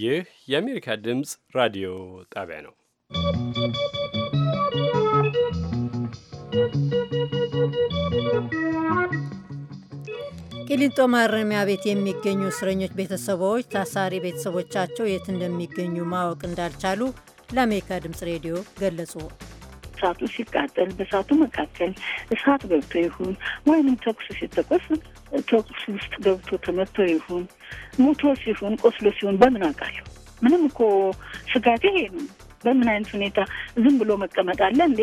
ይህ የአሜሪካ ድምፅ ራዲዮ ጣቢያ ነው። ቂሊንጦ ማረሚያ ቤት የሚገኙ እስረኞች ቤተሰቦች ታሳሪ ቤተሰቦቻቸው የት እንደሚገኙ ማወቅ እንዳልቻሉ ለአሜሪካ ድምፅ ሬዲዮ ገለጹ። እሳቱ ሲቃጠል በእሳቱ መካከል እሳት ገብቶ ይሁን ወይም ተኩስ ሲተኮስ ተኩስ ውስጥ ገብቶ ተመቶ ይሁን ሙቶ ሲሆን ቆስሎ ሲሆን በምን አውቃለሁ? ምንም እኮ ስጋቴ ይሄ ነው። በምን አይነት ሁኔታ ዝም ብሎ መቀመጥ አለ እንዴ?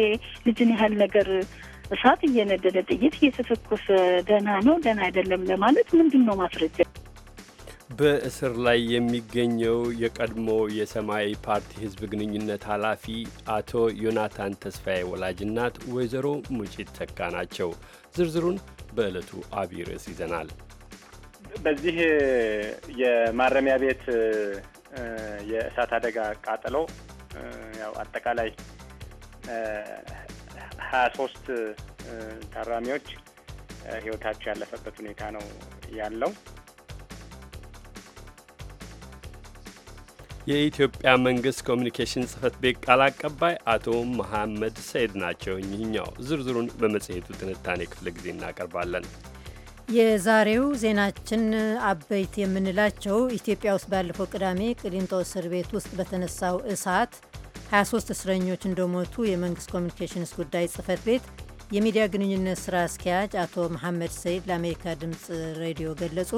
ልጅን ያህል ነገር እሳት እየነደደ ጥይት እየተተኮሰ ደህና ነው ደህና አይደለም ለማለት ምንድን ነው ማስረጃ? በእስር ላይ የሚገኘው የቀድሞ የሰማያዊ ፓርቲ ህዝብ ግንኙነት ኃላፊ አቶ ዮናታን ተስፋዬ ወላጅ እናት ወይዘሮ ሙጪት ተካ ናቸው። ዝርዝሩን በዕለቱ አብይ ርዕስ ይዘናል። በዚህ የማረሚያ ቤት የእሳት አደጋ ቃጠሎ ያው አጠቃላይ ሀያ ሶስት ታራሚዎች ህይወታቸው ያለፈበት ሁኔታ ነው ያለው። የኢትዮጵያ መንግስት ኮሚኒኬሽን ጽህፈት ቤት ቃል አቀባይ አቶ መሐመድ ሰይድ ናቸው። እኚህኛው ዝርዝሩን በመጽሔቱ ትንታኔ ክፍለ ጊዜ እናቀርባለን። የዛሬው ዜናችን አበይት የምንላቸው ኢትዮጵያ ውስጥ ባለፈው ቅዳሜ ቅሊንጦ እስር ቤት ውስጥ በተነሳው እሳት 23 እስረኞች እንደሞቱ የመንግስት ኮሚኒኬሽንስ ጉዳይ ጽህፈት ቤት የሚዲያ ግንኙነት ስራ አስኪያጅ አቶ መሐመድ ሰይድ ለአሜሪካ ድምፅ ሬዲዮ ገለጹ።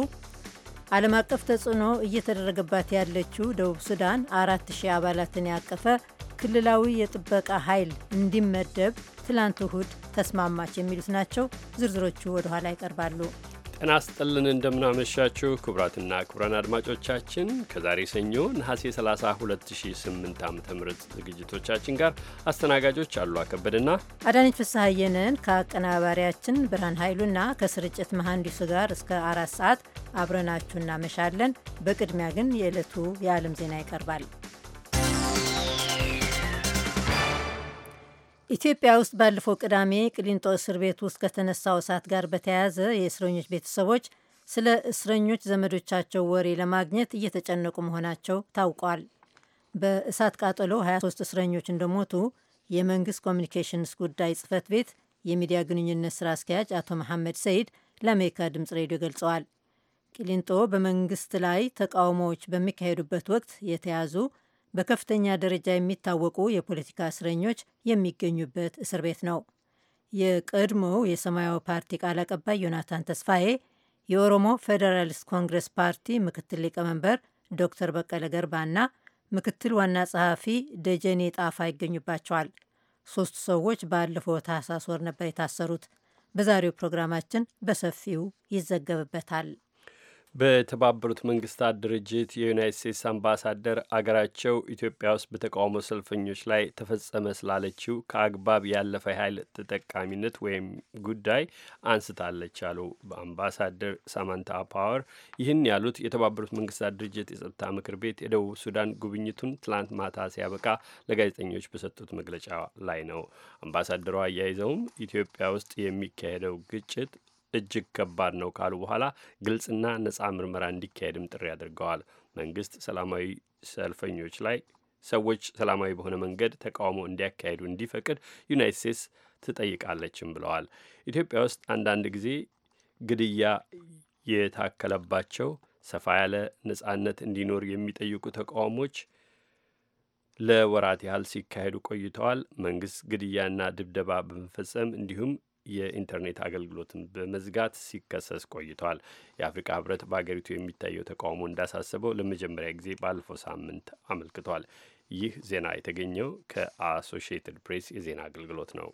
ዓለም አቀፍ ተጽዕኖ እየተደረገባት ያለችው ደቡብ ሱዳን አራት አባላትን ያቀፈ ክልላዊ የጥበቃ ኃይል እንዲመደብ ትላንት እሁድ ተስማማች የሚሉት ናቸው። ዝርዝሮቹ ወደ ኋላ ይቀርባሉ። ጤና ይስጥልን እንደምናመሻችሁ ክቡራትና ክቡራን አድማጮቻችን ከዛሬ ሰኞ ነሐሴ 30 2008 ዓ ም ዝግጅቶቻችን ጋር አስተናጋጆች አሉ አከበድና አዳነች ፍስሐየንን ከአቀናባሪያችን ብርሃን ኃይሉና ከስርጭት መሐንዲሱ ጋር እስከ አራት ሰዓት አብረናችሁ እናመሻለን። በቅድሚያ ግን የዕለቱ የዓለም ዜና ይቀርባል። ኢትዮጵያ ውስጥ ባለፈው ቅዳሜ ቅሊንጦ እስር ቤት ውስጥ ከተነሳው እሳት ጋር በተያያዘ የእስረኞች ቤተሰቦች ስለ እስረኞች ዘመዶቻቸው ወሬ ለማግኘት እየተጨነቁ መሆናቸው ታውቋል። በእሳት ቃጠሎ 23 እስረኞች እንደሞቱ የመንግስት ኮሚኒኬሽንስ ጉዳይ ጽህፈት ቤት የሚዲያ ግንኙነት ስራ አስኪያጅ አቶ መሐመድ ሰይድ ለአሜሪካ ድምፅ ሬዲዮ ገልጸዋል። ቅሊንጦ በመንግስት ላይ ተቃውሞዎች በሚካሄዱበት ወቅት የተያዙ በከፍተኛ ደረጃ የሚታወቁ የፖለቲካ እስረኞች የሚገኙበት እስር ቤት ነው። የቀድሞው የሰማያዊ ፓርቲ ቃል አቀባይ ዮናታን ተስፋዬ፣ የኦሮሞ ፌዴራሊስት ኮንግረስ ፓርቲ ምክትል ሊቀመንበር ዶክተር በቀለ ገርባና ምክትል ዋና ጸሐፊ ደጀኔ ጣፋ ይገኙባቸዋል። ሶስቱ ሰዎች ባለፈው ታህሳስ ወር ነበር የታሰሩት። በዛሬው ፕሮግራማችን በሰፊው ይዘገብበታል። በተባበሩት መንግስታት ድርጅት የዩናይት ስቴትስ አምባሳደር አገራቸው ኢትዮጵያ ውስጥ በተቃውሞ ሰልፈኞች ላይ ተፈጸመ ስላለችው ከአግባብ ያለፈ ኃይል ተጠቃሚነት ወይም ጉዳይ አንስታለች አሉ። በአምባሳደር ሳማንታ ፓወር ይህን ያሉት የተባበሩት መንግስታት ድርጅት የጸጥታ ምክር ቤት የደቡብ ሱዳን ጉብኝቱን ትላንት ማታ ሲያበቃ ለጋዜጠኞች በሰጡት መግለጫ ላይ ነው። አምባሳደሯ አያይዘውም ኢትዮጵያ ውስጥ የሚካሄደው ግጭት እጅግ ከባድ ነው ካሉ በኋላ ግልጽና ነፃ ምርመራ እንዲካሄድም ጥሪ አድርገዋል። መንግስት ሰላማዊ ሰልፈኞች ላይ ሰዎች ሰላማዊ በሆነ መንገድ ተቃውሞ እንዲያካሄዱ እንዲፈቅድ ዩናይት ስቴትስ ትጠይቃለችም ብለዋል። ኢትዮጵያ ውስጥ አንዳንድ ጊዜ ግድያ የታከለባቸው ሰፋ ያለ ነጻነት እንዲኖር የሚጠይቁ ተቃውሞች ለወራት ያህል ሲካሄዱ ቆይተዋል። መንግስት ግድያና ድብደባ በመፈጸም እንዲሁም የኢንተርኔት አገልግሎትን በመዝጋት ሲከሰስ ቆይቷል። የአፍሪካ ህብረት በአገሪቱ የሚታየው ተቃውሞ እንዳሳሰበው ለመጀመሪያ ጊዜ ባለፈው ሳምንት አመልክቷል። ይህ ዜና የተገኘው ከአሶሺየትድ ፕሬስ የዜና አገልግሎት ነው።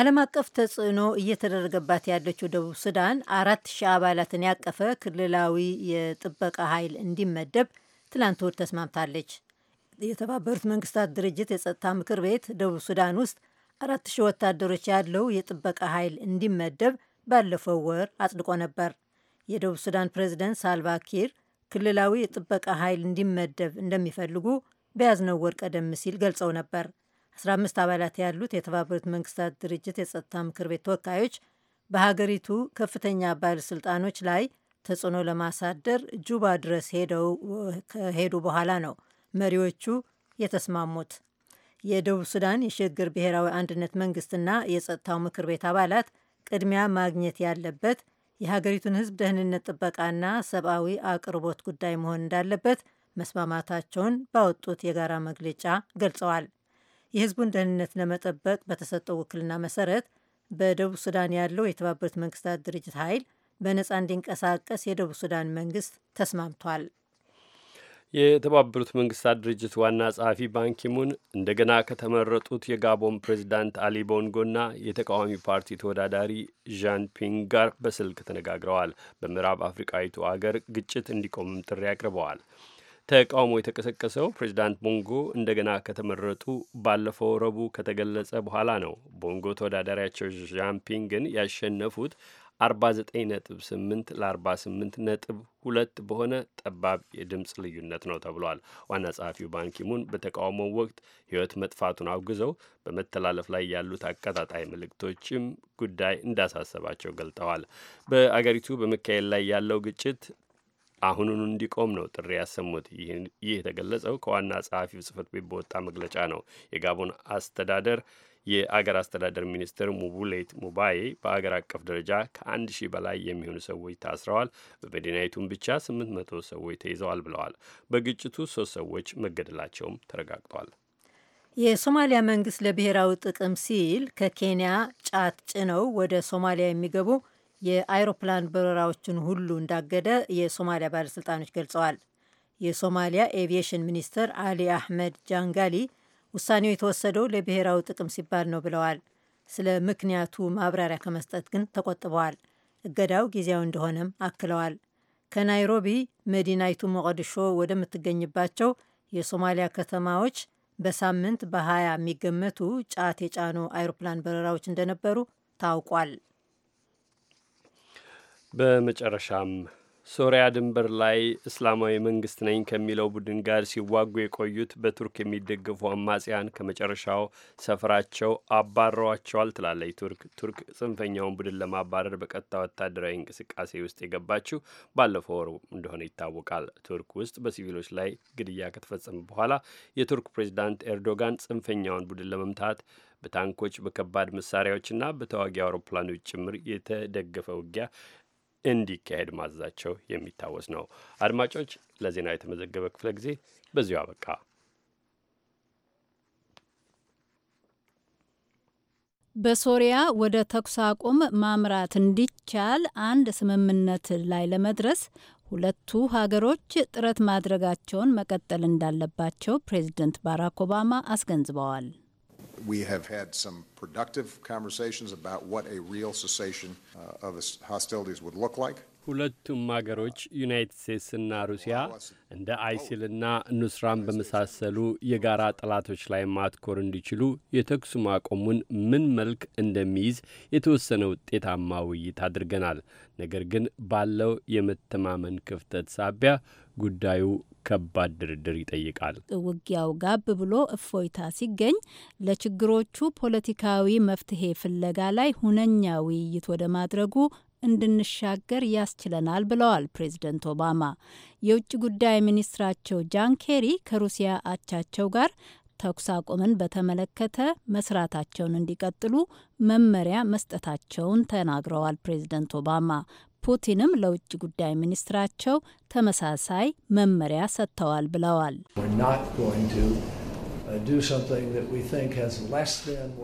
ዓለም አቀፍ ተጽዕኖ እየተደረገባት ያለችው ደቡብ ሱዳን አራት ሺህ አባላትን ያቀፈ ክልላዊ የጥበቃ ኃይል እንዲመደብ ትላንት እሁድ ተስማምታለች። የተባበሩት መንግስታት ድርጅት የጸጥታ ምክር ቤት ደቡብ ሱዳን ውስጥ አራት ሺህ ወታደሮች ያለው የጥበቃ ኃይል እንዲመደብ ባለፈው ወር አጽድቆ ነበር። የደቡብ ሱዳን ፕሬዚደንት ሳልቫኪር ክልላዊ የጥበቃ ኃይል እንዲመደብ እንደሚፈልጉ በያዝነው ወር ቀደም ሲል ገልጸው ነበር። 15 አባላት ያሉት የተባበሩት መንግስታት ድርጅት የጸጥታ ምክር ቤት ተወካዮች በሀገሪቱ ከፍተኛ ባለስልጣኖች ላይ ተጽዕኖ ለማሳደር ጁባ ድረስ ሄደው ከሄዱ በኋላ ነው መሪዎቹ የተስማሙት። የደቡብ ሱዳን የሽግግር ብሔራዊ አንድነት መንግስትና የጸጥታው ምክር ቤት አባላት ቅድሚያ ማግኘት ያለበት የሀገሪቱን ሕዝብ ደህንነት ጥበቃና ሰብአዊ አቅርቦት ጉዳይ መሆን እንዳለበት መስማማታቸውን ባወጡት የጋራ መግለጫ ገልጸዋል። የሕዝቡን ደህንነት ለመጠበቅ በተሰጠው ውክልና መሰረት በደቡብ ሱዳን ያለው የተባበሩት መንግስታት ድርጅት ኃይል በነፃ እንዲንቀሳቀስ የደቡብ ሱዳን መንግስት ተስማምቷል። የተባበሩት መንግስታት ድርጅት ዋና ጸሐፊ ባንኪሙን እንደገና ከተመረጡት የጋቦን ፕሬዚዳንት አሊ ቦንጎና የተቃዋሚ ፓርቲ ተወዳዳሪ ዣን ፒንግ ጋር በስልክ ተነጋግረዋል። በምዕራብ አፍሪቃዊቱ አገር ግጭት እንዲቆምም ጥሪ አቅርበዋል። ተቃውሞ የተቀሰቀሰው ፕሬዚዳንት ቦንጎ እንደገና ከተመረጡ ባለፈው ረቡዕ ከተገለጸ በኋላ ነው። ቦንጎ ተወዳዳሪያቸው ዣን ፒንግን ያሸነፉት 49.8 ለ48.2 በሆነ ጠባብ የድምፅ ልዩነት ነው ተብሏል። ዋና ጸሐፊው ባንኪሙን በተቃውሞው ወቅት ሕይወት መጥፋቱን አውግዘው በመተላለፍ ላይ ያሉት አቀጣጣይ ምልክቶችም ጉዳይ እንዳሳሰባቸው ገልጠዋል። በአገሪቱ በመካሄድ ላይ ያለው ግጭት አሁኑን እንዲቆም ነው ጥሪ ያሰሙት። ይህ የተገለጸው ከዋና ጸሐፊው ጽህፈት ቤት በወጣ መግለጫ ነው። የጋቦን አስተዳደር የአገር አስተዳደር ሚኒስትር ሙቡሌት ሙባዬ በአገር አቀፍ ደረጃ ከአንድ ሺህ በላይ የሚሆኑ ሰዎች ታስረዋል፣ በመዲናይቱም ብቻ ስምንት መቶ ሰዎች ተይዘዋል ብለዋል። በግጭቱ ሶስት ሰዎች መገደላቸውም ተረጋግጧል። የሶማሊያ መንግስት ለብሔራዊ ጥቅም ሲል ከኬንያ ጫት ጭነው ወደ ሶማሊያ የሚገቡ የአይሮፕላን በረራዎችን ሁሉ እንዳገደ የሶማሊያ ባለሥልጣኖች ገልጸዋል። የሶማሊያ ኤቪዬሽን ሚኒስትር አሊ አህመድ ጃንጋሊ ውሳኔው የተወሰደው ለብሔራዊ ጥቅም ሲባል ነው ብለዋል። ስለ ምክንያቱ ማብራሪያ ከመስጠት ግን ተቆጥበዋል። እገዳው ጊዜያዊ እንደሆነም አክለዋል። ከናይሮቢ መዲናይቱ ሞቃዲሾ ወደምትገኝባቸው የሶማሊያ ከተማዎች በሳምንት በ20 የሚገመቱ ጫት የጫኑ አይሮፕላን በረራዎች እንደነበሩ ታውቋል። በመጨረሻም ሶሪያ ድንበር ላይ እስላማዊ መንግስት ነኝ ከሚለው ቡድን ጋር ሲዋጉ የቆዩት በቱርክ የሚደገፉ አማጽያን ከመጨረሻው ሰፈራቸው አባረዋቸዋል ትላለች ቱርክ። ቱርክ ጽንፈኛውን ቡድን ለማባረር በቀጥታ ወታደራዊ እንቅስቃሴ ውስጥ የገባችው ባለፈው ወር እንደሆነ ይታወቃል። ቱርክ ውስጥ በሲቪሎች ላይ ግድያ ከተፈጸመ በኋላ የቱርክ ፕሬዚዳንት ኤርዶጋን ጽንፈኛውን ቡድን ለመምታት በታንኮች በከባድ መሳሪያዎችና በተዋጊ አውሮፕላኖች ጭምር የተደገፈ ውጊያ እንዲካሄድ ማዘዛቸው የሚታወስ ነው። አድማጮች፣ ለዜና የተመዘገበ ክፍለ ጊዜ በዚሁ አበቃ። በሶሪያ ወደ ተኩስ አቁም ማምራት እንዲቻል አንድ ስምምነት ላይ ለመድረስ ሁለቱ ሀገሮች ጥረት ማድረጋቸውን መቀጠል እንዳለባቸው ፕሬዝደንት ባራክ ኦባማ አስገንዝበዋል። we have had some productive conversations about what a real cessation uh, of hostilities would look like. ሁለቱም አገሮች ዩናይትድ ስቴትስና ሩሲያ እንደ አይሲልና ኑስራን በመሳሰሉ የጋራ ጠላቶች ላይ ማትኮር እንዲችሉ የተኩስ ማቆሙን ምን መልክ እንደሚይዝ የተወሰነ ውጤታማ ውይይት አድርገናል። ነገር ግን ባለው የመተማመን ክፍተት ሳቢያ ጉዳዩ ከባድ ድርድር ይጠይቃል። ውጊያው ጋብ ብሎ እፎይታ ሲገኝ ለችግሮቹ ፖለቲካዊ መፍትሄ ፍለጋ ላይ ሁነኛ ውይይት ወደ ማድረጉ እንድንሻገር ያስችለናል ብለዋል ፕሬዝደንት ኦባማ። የውጭ ጉዳይ ሚኒስትራቸው ጃን ኬሪ ከሩሲያ አቻቸው ጋር ተኩስ አቁምን በተመለከተ መስራታቸውን እንዲቀጥሉ መመሪያ መስጠታቸውን ተናግረዋል ፕሬዝደንት ኦባማ። ፑቲንም ለውጭ ጉዳይ ሚኒስትራቸው ተመሳሳይ መመሪያ ሰጥተዋል ብለዋል። uh,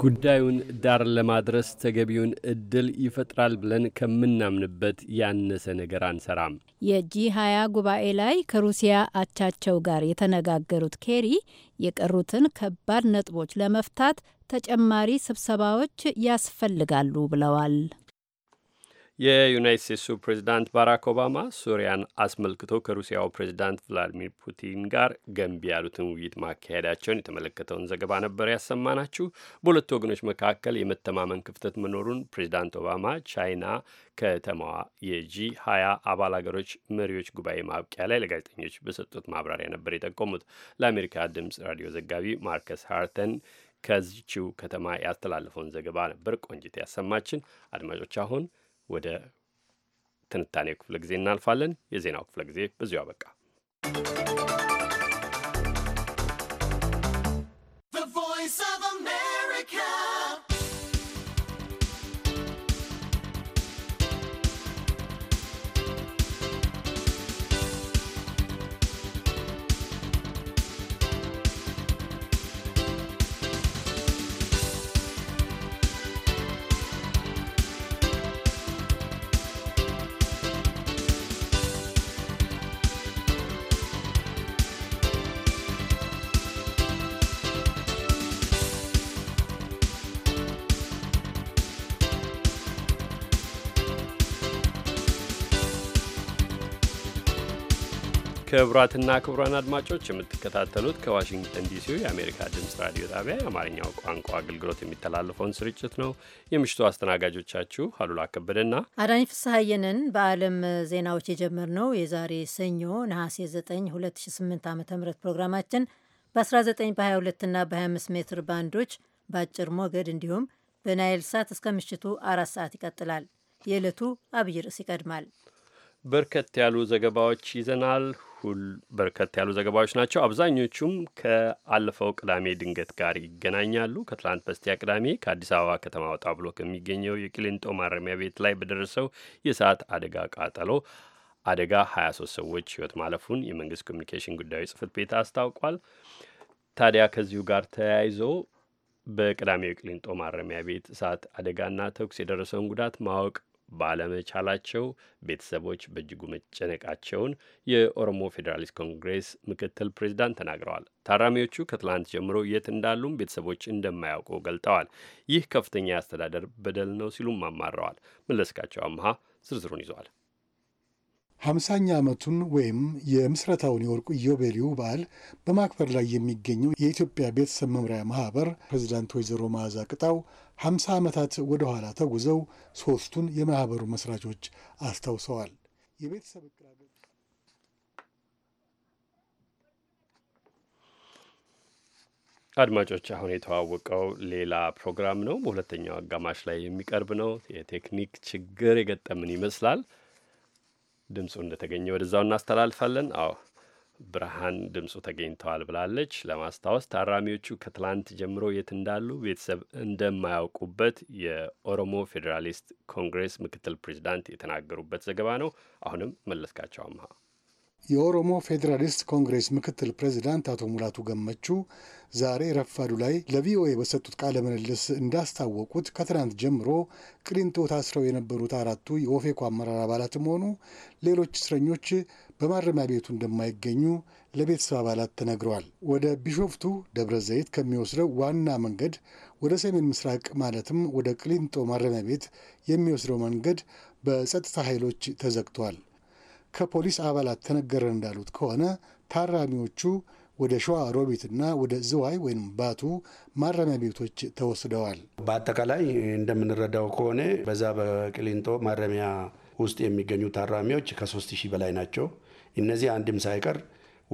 ጉዳዩን ዳር ለማድረስ ተገቢውን እድል ይፈጥራል ብለን ከምናምንበት ያነሰ ነገር አንሰራም። የጂ ሀያ ጉባኤ ላይ ከሩሲያ አቻቸው ጋር የተነጋገሩት ኬሪ የቀሩትን ከባድ ነጥቦች ለመፍታት ተጨማሪ ስብሰባዎች ያስፈልጋሉ ብለዋል። የዩናይት ስቴትሱ ፕሬዚዳንት ባራክ ኦባማ ሱሪያን አስመልክቶ ከሩሲያው ፕሬዚዳንት ቭላዲሚር ፑቲን ጋር ገንቢ ያሉትን ውይይት ማካሄዳቸውን የተመለከተውን ዘገባ ነበር ናችሁ። በሁለቱ ወገኖች መካከል የመተማመን ክፍተት መኖሩን ፕሬዚዳንት ኦባማ ቻይና ከተማዋ የጂ ሀያ አባል ሀገሮች መሪዎች ጉባኤ ማብቂያ ላይ ለጋዜጠኞች በሰጡት ማብራሪያ ነበር የጠቆሙት። ለአሜሪካ ድምፅ ራዲዮ ዘጋቢ ማርከስ ሃርተን ከዚችው ከተማ ያስተላለፈውን ዘገባ ነበር ቆንጅት ያሰማችን። አድማጮች አሁን ወደ ትንታኔ ክፍለ ጊዜ እናልፋለን። የዜናው ክፍለ ጊዜ በዚሁ አበቃ። ክቡራትና ክቡራን አድማጮች የምትከታተሉት ከዋሽንግተን ዲሲ የአሜሪካ ድምፅ ራዲዮ ጣቢያ የአማርኛው ቋንቋ አገልግሎት የሚተላለፈውን ስርጭት ነው። የምሽቱ አስተናጋጆቻችሁ አሉላ ከበደና አዳኝ ፍስሐየንን በዓለም ዜናዎች የጀመርነው የዛሬ ሰኞ ነሐሴ 9 2008 ዓ ም ፕሮግራማችን በ19 በ22 እና በ25 ሜትር ባንዶች በአጭር ሞገድ እንዲሁም በናይል ሳት እስከ ምሽቱ አራት ሰዓት ይቀጥላል። የዕለቱ አብይ ርዕስ ይቀድማል። በርከት ያሉ ዘገባዎች ይዘናል። በኩል በርከት ያሉ ዘገባዎች ናቸው። አብዛኞቹም ከአለፈው ቅዳሜ ድንገት ጋር ይገናኛሉ። ከትላንት በስቲያ ቅዳሜ ከአዲስ አበባ ከተማ ወጣ ብሎ ከሚገኘው የቅሊንጦ ማረሚያ ቤት ላይ በደረሰው የእሳት አደጋ ቃጠሎ አደጋ 23 ሰዎች ሕይወት ማለፉን የመንግስት ኮሚኒኬሽን ጉዳዮች ጽህፈት ቤት አስታውቋል። ታዲያ ከዚሁ ጋር ተያይዞ በቅዳሜው ቅሊንጦ ማረሚያ ቤት እሳት አደጋና ተኩስ የደረሰውን ጉዳት ማወቅ ባለመቻላቸው ቤተሰቦች በእጅጉ መጨነቃቸውን የኦሮሞ ፌዴራሊስት ኮንግሬስ ምክትል ፕሬዚዳንት ተናግረዋል። ታራሚዎቹ ከትላንት ጀምሮ የት እንዳሉም ቤተሰቦች እንደማያውቁ ገልጠዋል። ይህ ከፍተኛ የአስተዳደር በደል ነው ሲሉም አማረዋል። መለስካቸው አምሃ ዝርዝሩን ይዘዋል። ሀምሳኛ ዓመቱን ወይም የምስረታውን የወርቁ ኢዮቤልዩ በዓል በማክበር ላይ የሚገኘው የኢትዮጵያ ቤተሰብ መምሪያ ማህበር ፕሬዚዳንት ወይዘሮ መዓዛ ቅጣው 50 ዓመታት ወደ ኋላ ተጉዘው ሦስቱን የማኅበሩ መሥራቾች አስታውሰዋል። የቤተሰብ አድማጮች አሁን የተዋወቀው ሌላ ፕሮግራም ነው። በሁለተኛው አጋማሽ ላይ የሚቀርብ ነው። የቴክኒክ ችግር የገጠምን ይመስላል። ድምፁ እንደተገኘ ወደዛው እናስተላልፋለን። አዎ ብርሃን ድምፁ ተገኝተዋል ብላለች። ለማስታወስ ታራሚዎቹ ከትላንት ጀምሮ የት እንዳሉ ቤተሰብ እንደማያውቁበት የኦሮሞ ፌዴራሊስት ኮንግሬስ ምክትል ፕሬዚዳንት የተናገሩበት ዘገባ ነው። አሁንም መለስካቸው አምሃ የኦሮሞ ፌዴራሊስት ኮንግሬስ ምክትል ፕሬዚዳንት አቶ ሙላቱ ገመቹ ዛሬ ረፋዱ ላይ ለቪኦኤ በሰጡት ቃለ ምልልስ እንዳስታወቁት ከትናንት ጀምሮ ቅሊንጦ ታስረው የነበሩት አራቱ የኦፌኮ አመራር አባላትም ሆኑ ሌሎች እስረኞች በማረሚያ ቤቱ እንደማይገኙ ለቤተሰብ አባላት ተነግረዋል። ወደ ቢሾፍቱ ደብረ ዘይት ከሚወስደው ዋና መንገድ ወደ ሰሜን ምስራቅ ማለትም ወደ ቅሊንጦ ማረሚያ ቤት የሚወስደው መንገድ በጸጥታ ኃይሎች ተዘግቷል። ከፖሊስ አባላት ተነገረን እንዳሉት ከሆነ ታራሚዎቹ ወደ ሸዋ ሮቢትና ወደ ዝዋይ ወይም ባቱ ማረሚያ ቤቶች ተወስደዋል። በአጠቃላይ እንደምንረዳው ከሆነ በዛ በቅሊንጦ ማረሚያ ውስጥ የሚገኙ ታራሚዎች ከሶስት ሺህ በላይ ናቸው። እነዚህ አንድም ሳይቀር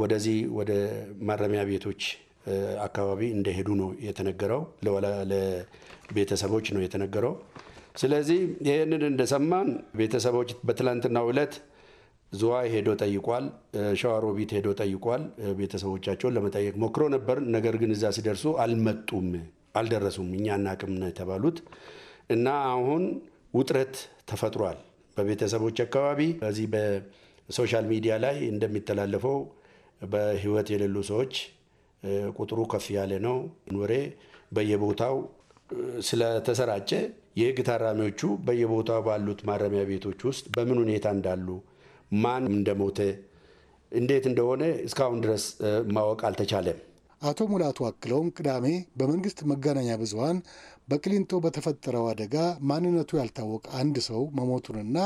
ወደዚህ ወደ ማረሚያ ቤቶች አካባቢ እንደሄዱ ነው የተነገረው። ለቤተሰቦች ነው የተነገረው። ስለዚህ ይህንን እንደሰማን ቤተሰቦች በትላንትናው ዕለት ዝዋይ ሄዶ ጠይቋል። ሸዋሮቢት ሄዶ ጠይቋል። ቤተሰቦቻቸውን ለመጠየቅ ሞክሮ ነበር። ነገር ግን እዛ ሲደርሱ አልመጡም፣ አልደረሱም። እኛ እናቅም ነው የተባሉት እና አሁን ውጥረት ተፈጥሯል በቤተሰቦች አካባቢ። በዚህ በሶሻል ሚዲያ ላይ እንደሚተላለፈው በህይወት የሌሉ ሰዎች ቁጥሩ ከፍ ያለ ነው። ወሬ በየቦታው ስለተሰራጨ የህግ ታራሚዎቹ በየቦታው ባሉት ማረሚያ ቤቶች ውስጥ በምን ሁኔታ እንዳሉ ማን እንደሞተ እንዴት እንደሆነ እስካሁን ድረስ ማወቅ አልተቻለም። አቶ ሙላቱ አክለውም ቅዳሜ በመንግስት መገናኛ ብዙኃን በቅሊንጦ በተፈጠረው አደጋ ማንነቱ ያልታወቀ አንድ ሰው መሞቱንና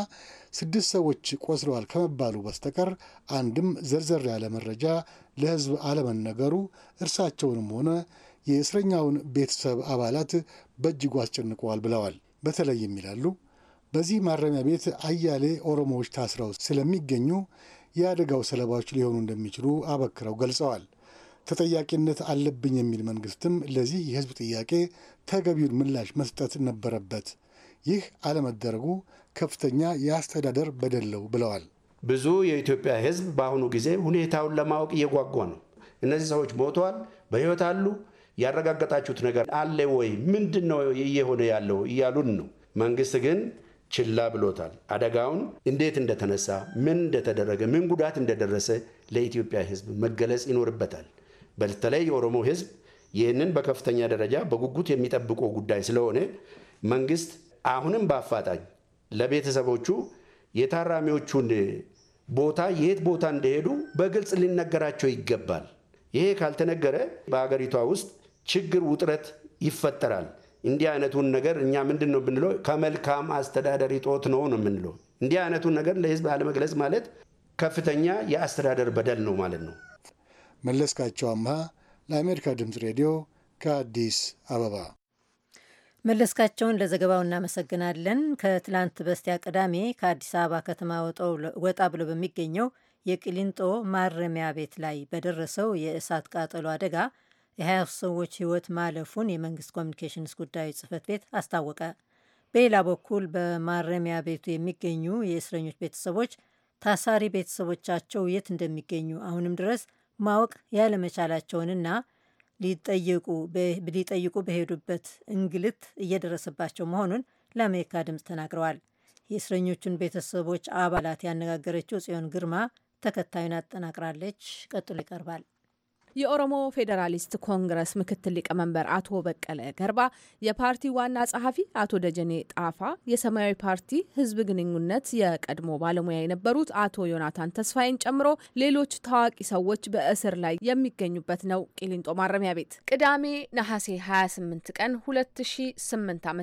ስድስት ሰዎች ቆስለዋል ከመባሉ በስተቀር አንድም ዘርዘር ያለ መረጃ ለሕዝብ አለመነገሩ እርሳቸውንም ሆነ የእስረኛውን ቤተሰብ አባላት በእጅጉ አስጨንቀዋል ብለዋል። በተለይም ይላሉ በዚህ ማረሚያ ቤት አያሌ ኦሮሞዎች ታስረው ስለሚገኙ የአደጋው ሰለባዎች ሊሆኑ እንደሚችሉ አበክረው ገልጸዋል። ተጠያቂነት አለብኝ የሚል መንግስትም ለዚህ የህዝብ ጥያቄ ተገቢውን ምላሽ መስጠት ነበረበት። ይህ አለመደረጉ ከፍተኛ የአስተዳደር በደል ብለዋል። ብዙ የኢትዮጵያ ህዝብ በአሁኑ ጊዜ ሁኔታውን ለማወቅ እየጓጓ ነው። እነዚህ ሰዎች ሞተዋል? በህይወት አሉ? ያረጋገጣችሁት ነገር አለ ወይ? ምንድን ነው እየሆነ ያለው? እያሉን ነው። መንግስት ግን ችላ ብሎታል። አደጋውን እንዴት እንደተነሳ፣ ምን እንደተደረገ፣ ምን ጉዳት እንደደረሰ ለኢትዮጵያ ሕዝብ መገለጽ ይኖርበታል። በተለይ የኦሮሞ ሕዝብ ይህንን በከፍተኛ ደረጃ በጉጉት የሚጠብቀው ጉዳይ ስለሆነ መንግስት አሁንም በአፋጣኝ ለቤተሰቦቹ የታራሚዎቹን ቦታ የት ቦታ እንደሄዱ በግልጽ ሊነገራቸው ይገባል። ይሄ ካልተነገረ በሀገሪቷ ውስጥ ችግር፣ ውጥረት ይፈጠራል። እንዲህ አይነቱን ነገር እኛ ምንድን ነው ብንለው ከመልካም አስተዳደር እጦት ነው ነው የምንለው። እንዲህ አይነቱን ነገር ለህዝብ አለመግለጽ ማለት ከፍተኛ የአስተዳደር በደል ነው ማለት ነው። መለስካቸው አምሃ ለአሜሪካ ድምፅ ሬዲዮ ከአዲስ አበባ። መለስካቸውን ለዘገባው እናመሰግናለን። ከትላንት በስቲያ ቅዳሜ ከአዲስ አበባ ከተማ ወጣ ብሎ በሚገኘው የቅሊንጦ ማረሚያ ቤት ላይ በደረሰው የእሳት ቃጠሎ አደጋ የ ሰዎች ህይወት ማለፉን የመንግስት ኮሚኒኬሽንስ ጉዳዮች ጽህፈት ቤት አስታወቀ። በሌላ በኩል በማረሚያ ቤቱ የሚገኙ የእስረኞች ቤተሰቦች ታሳሪ ቤተሰቦቻቸው የት እንደሚገኙ አሁንም ድረስ ማወቅ ያለመቻላቸውንና ሊጠይቁ በሄዱበት እንግልት እየደረሰባቸው መሆኑን ለአሜሪካ ድምፅ ተናግረዋል። የእስረኞቹን ቤተሰቦች አባላት ያነጋገረችው ጽዮን ግርማ ተከታዩን አጠናቅራለች። ቀጥሎ ይቀርባል። የኦሮሞ ፌዴራሊስት ኮንግረስ ምክትል ሊቀመንበር አቶ በቀለ ገርባ፣ የፓርቲ ዋና ጸሐፊ አቶ ደጀኔ ጣፋ፣ የሰማያዊ ፓርቲ ህዝብ ግንኙነት የቀድሞ ባለሙያ የነበሩት አቶ ዮናታን ተስፋዬን ጨምሮ ሌሎች ታዋቂ ሰዎች በእስር ላይ የሚገኙበት ነው። ቂሊንጦ ማረሚያ ቤት ቅዳሜ ነሐሴ 28 ቀን 2008 ዓ ም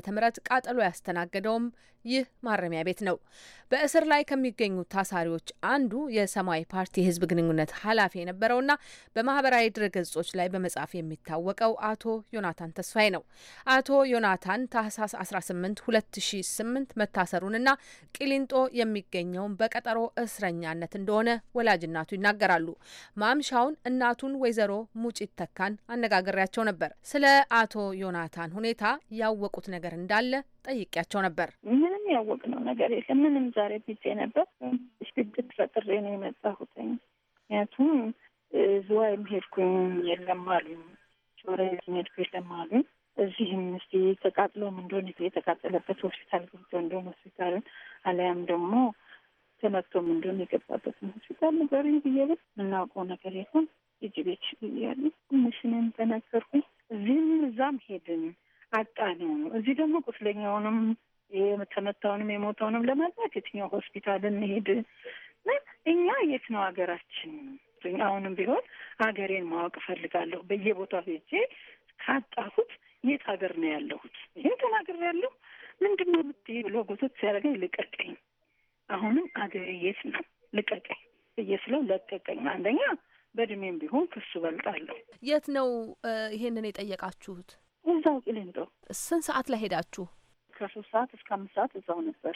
ቃጠሎ ያስተናገደውም ይህ ማረሚያ ቤት ነው። በእስር ላይ ከሚገኙ ታሳሪዎች አንዱ የሰማያዊ ፓርቲ የህዝብ ግንኙነት ኃላፊ የነበረውና በማህበራዊ ድረገጾች ላይ በመጻፍ የሚታወቀው አቶ ዮናታን ተስፋዬ ነው። አቶ ዮናታን ታህሳስ 18 2008 መታሰሩንና ቂሊንጦ የሚገኘውን በቀጠሮ እስረኛነት እንደሆነ ወላጅናቱ ይናገራሉ። ማምሻውን እናቱን ወይዘሮ ሙጪት ተካን አነጋግሬያቸው ነበር። ስለ አቶ ዮናታን ሁኔታ ያወቁት ነገር እንዳለ ጠይቄያቸው ነበር። ምንም ያወቅነው ነገር የለም። ምንም ዛሬ ቢጤ ነበር ሽግግር ፈጥሬ ነው የመጣሁትኝ። ምክንያቱም ዝዋይም ሄድኩኝ የለም አሉኝ፣ ቾረም ሄድኩ የለም አሉኝ። እዚህም እስቲ ተቃጥሎም እንደሆነ የተቃጠለበት ሆስፒታል ገብቶ እንደሆነ ሆስፒታልን አለያም ደግሞ ተመቶም እንደሆነ የገባበትን ሆስፒታል ንገሩኝ ብዬ ብል የምናውቀው ነገር የለም እጅ ቤት ብያሉ ምሽንን ተነገርኩኝ። እዚህም እዛም ሄድን አጣ ነው። እዚህ ደግሞ ቁስለኛውንም የተመታውንም የሞተውንም ለማግኘት የትኛው ሆስፒታል እንሄድ? እኛ የት ነው ሀገራችን? አሁንም ቢሆን ሀገሬን ማወቅ እፈልጋለሁ። በየቦታው ሄጄ ካጣሁት የት ሀገር ነው ያለሁት? ይህን ተናግሬያለሁ። ምንድን ነው የምትይ ብሎ ጉትት ሲያደርገኝ ልቀቀኝ፣ አሁንም አገሬ የት ነው ልቀቀኝ ብዬ ስለው ለቀቀኝ። አንደኛ በእድሜም ቢሆን ክሱ በልጣለሁ። የት ነው ይሄንን የጠየቃችሁት? እዛው ቂሊንጦ። ስንት ሰዓት ላይ ሄዳችሁ? ከሶስት ሰዓት እስከ አምስት ሰዓት እዛው ነበር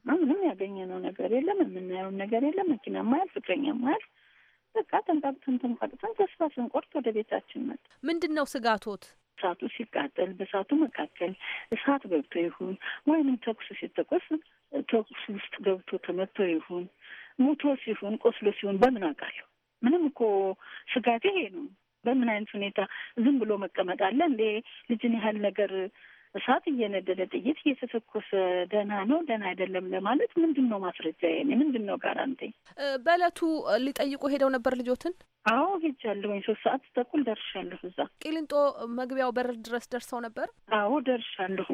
እና ምንም ያገኘነው ነገር የለም፣ የምናየውን ነገር የለም። መኪና ማያል፣ ፍቅረኛ ማያል። በቃ ተንቃቅተን ተንቋጥተን ተስፋ ስንቆርጥ ወደ ቤታችን መጥ ምንድን ነው ስጋቶት? እሳቱ ሲቃጠል በእሳቱ መካከል እሳት ገብቶ ይሁን ወይንም ተኩስ ሲተኮስ ተኩስ ውስጥ ገብቶ ተመቶ ይሁን ሙቶ ሲሆን ቆስሎ ሲሆን በምን አውቃለሁ? ምንም እኮ ስጋት ይሄ ነው። በምን አይነት ሁኔታ ዝም ብሎ መቀመጥ አለ እንዴ? ልጅን ያህል ነገር እሳት እየነደደ ጥይት እየተተኮሰ ደህና ነው ደህና አይደለም ለማለት ምንድን ነው ማስረጃ? የኔ ምንድን ነው ጋራንቲ? በእለቱ ሊጠይቁ ሄደው ነበር ልጆትን? አዎ ወይ ሶስት ሰዓት ተኩል ደርሻለሁ። እዛ ቂሊንጦ መግቢያው በር ድረስ ደርሰው ነበር? አዎ ደርሻለሁ።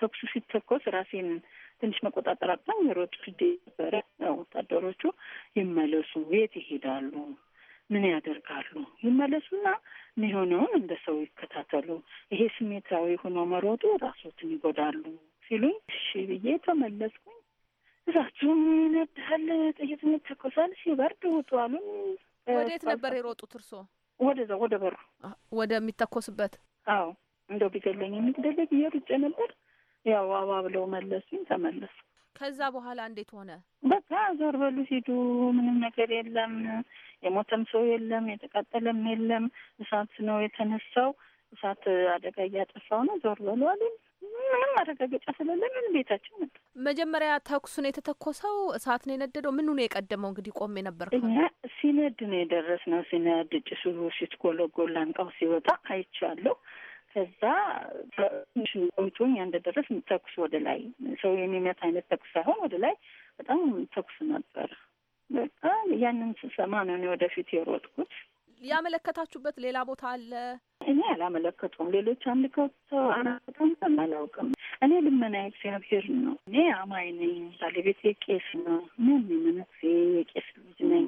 ተኩሱ ሲተኮስ ራሴን ትንሽ መቆጣጠር አቅጣኝ ፍዴ ነበረ። ወታደሮቹ ይመለሱ፣ የት ይሄዳሉ ምን ያደርጋሉ? ይመለሱና የሚሆነውን እንደ ሰው ይከታተሉ። ይሄ ስሜታዊ ሆኖ መሮጡ ራሶትን ይጎዳሉ ሲሉኝ እሺ ብዬ ተመለስኩኝ። እዛችሁም ይነድሃል፣ ጥይት ይተኮሳል፣ ሲበርድ ውጡ አሉን። ወዴት ነበር የሮጡት እርስዎ? ወደዛ ወደ በሩ ወደሚተኮስበት። አዎ እንደው ቢገለኝ የሚገደለኝ ብዬ ሩጬ ነበር። ያው አባ ብለው መለሱኝ፣ ተመለሱ። ከዛ በኋላ እንዴት ሆነ? ዞር በሉ ሂዱ፣ ምንም ነገር የለም፣ የሞተም ሰው የለም፣ የተቃጠለም የለም፣ እሳት ነው የተነሳው፣ እሳት አደጋ እያጠፋው ነው፣ ዞር በሉ አሉን። ምንም ማረጋገጫ ምን ቤታቸው ነበር። መጀመሪያ ተኩስ ነው የተተኮሰው? እሳት ነው የነደደው? ምኑ ነው የቀደመው? እንግዲህ ቆሜ ነበር። እኛ ሲነድ ነው የደረስነው። ሲነድ ጭሱ ሲትጎለጎል ላንቃው ሲወጣ አይቻለሁ። ከዛ ትንሽ ቆይቶ እኛ እንደደረስ ተኩስ ወደ ላይ ሰው የሚመት አይነት ተኩስ ሳይሆን ወደ ላይ በጣም ተኩስ ነበር። በቃ ያንን ስሰማ ነው እኔ ወደፊት የሮጥኩት። ያመለከታችሁበት ሌላ ቦታ አለ? እኔ አላመለከቱም። ሌሎች አንድ ከሰው አናበጣም አላውቅም። እኔ ልመና እግዚአብሔር ነው። እኔ አማኝ ነኝ። ባለቤት የቄስ ነው። ምን መነኩሴ የቄስ ልጅ ነኝ።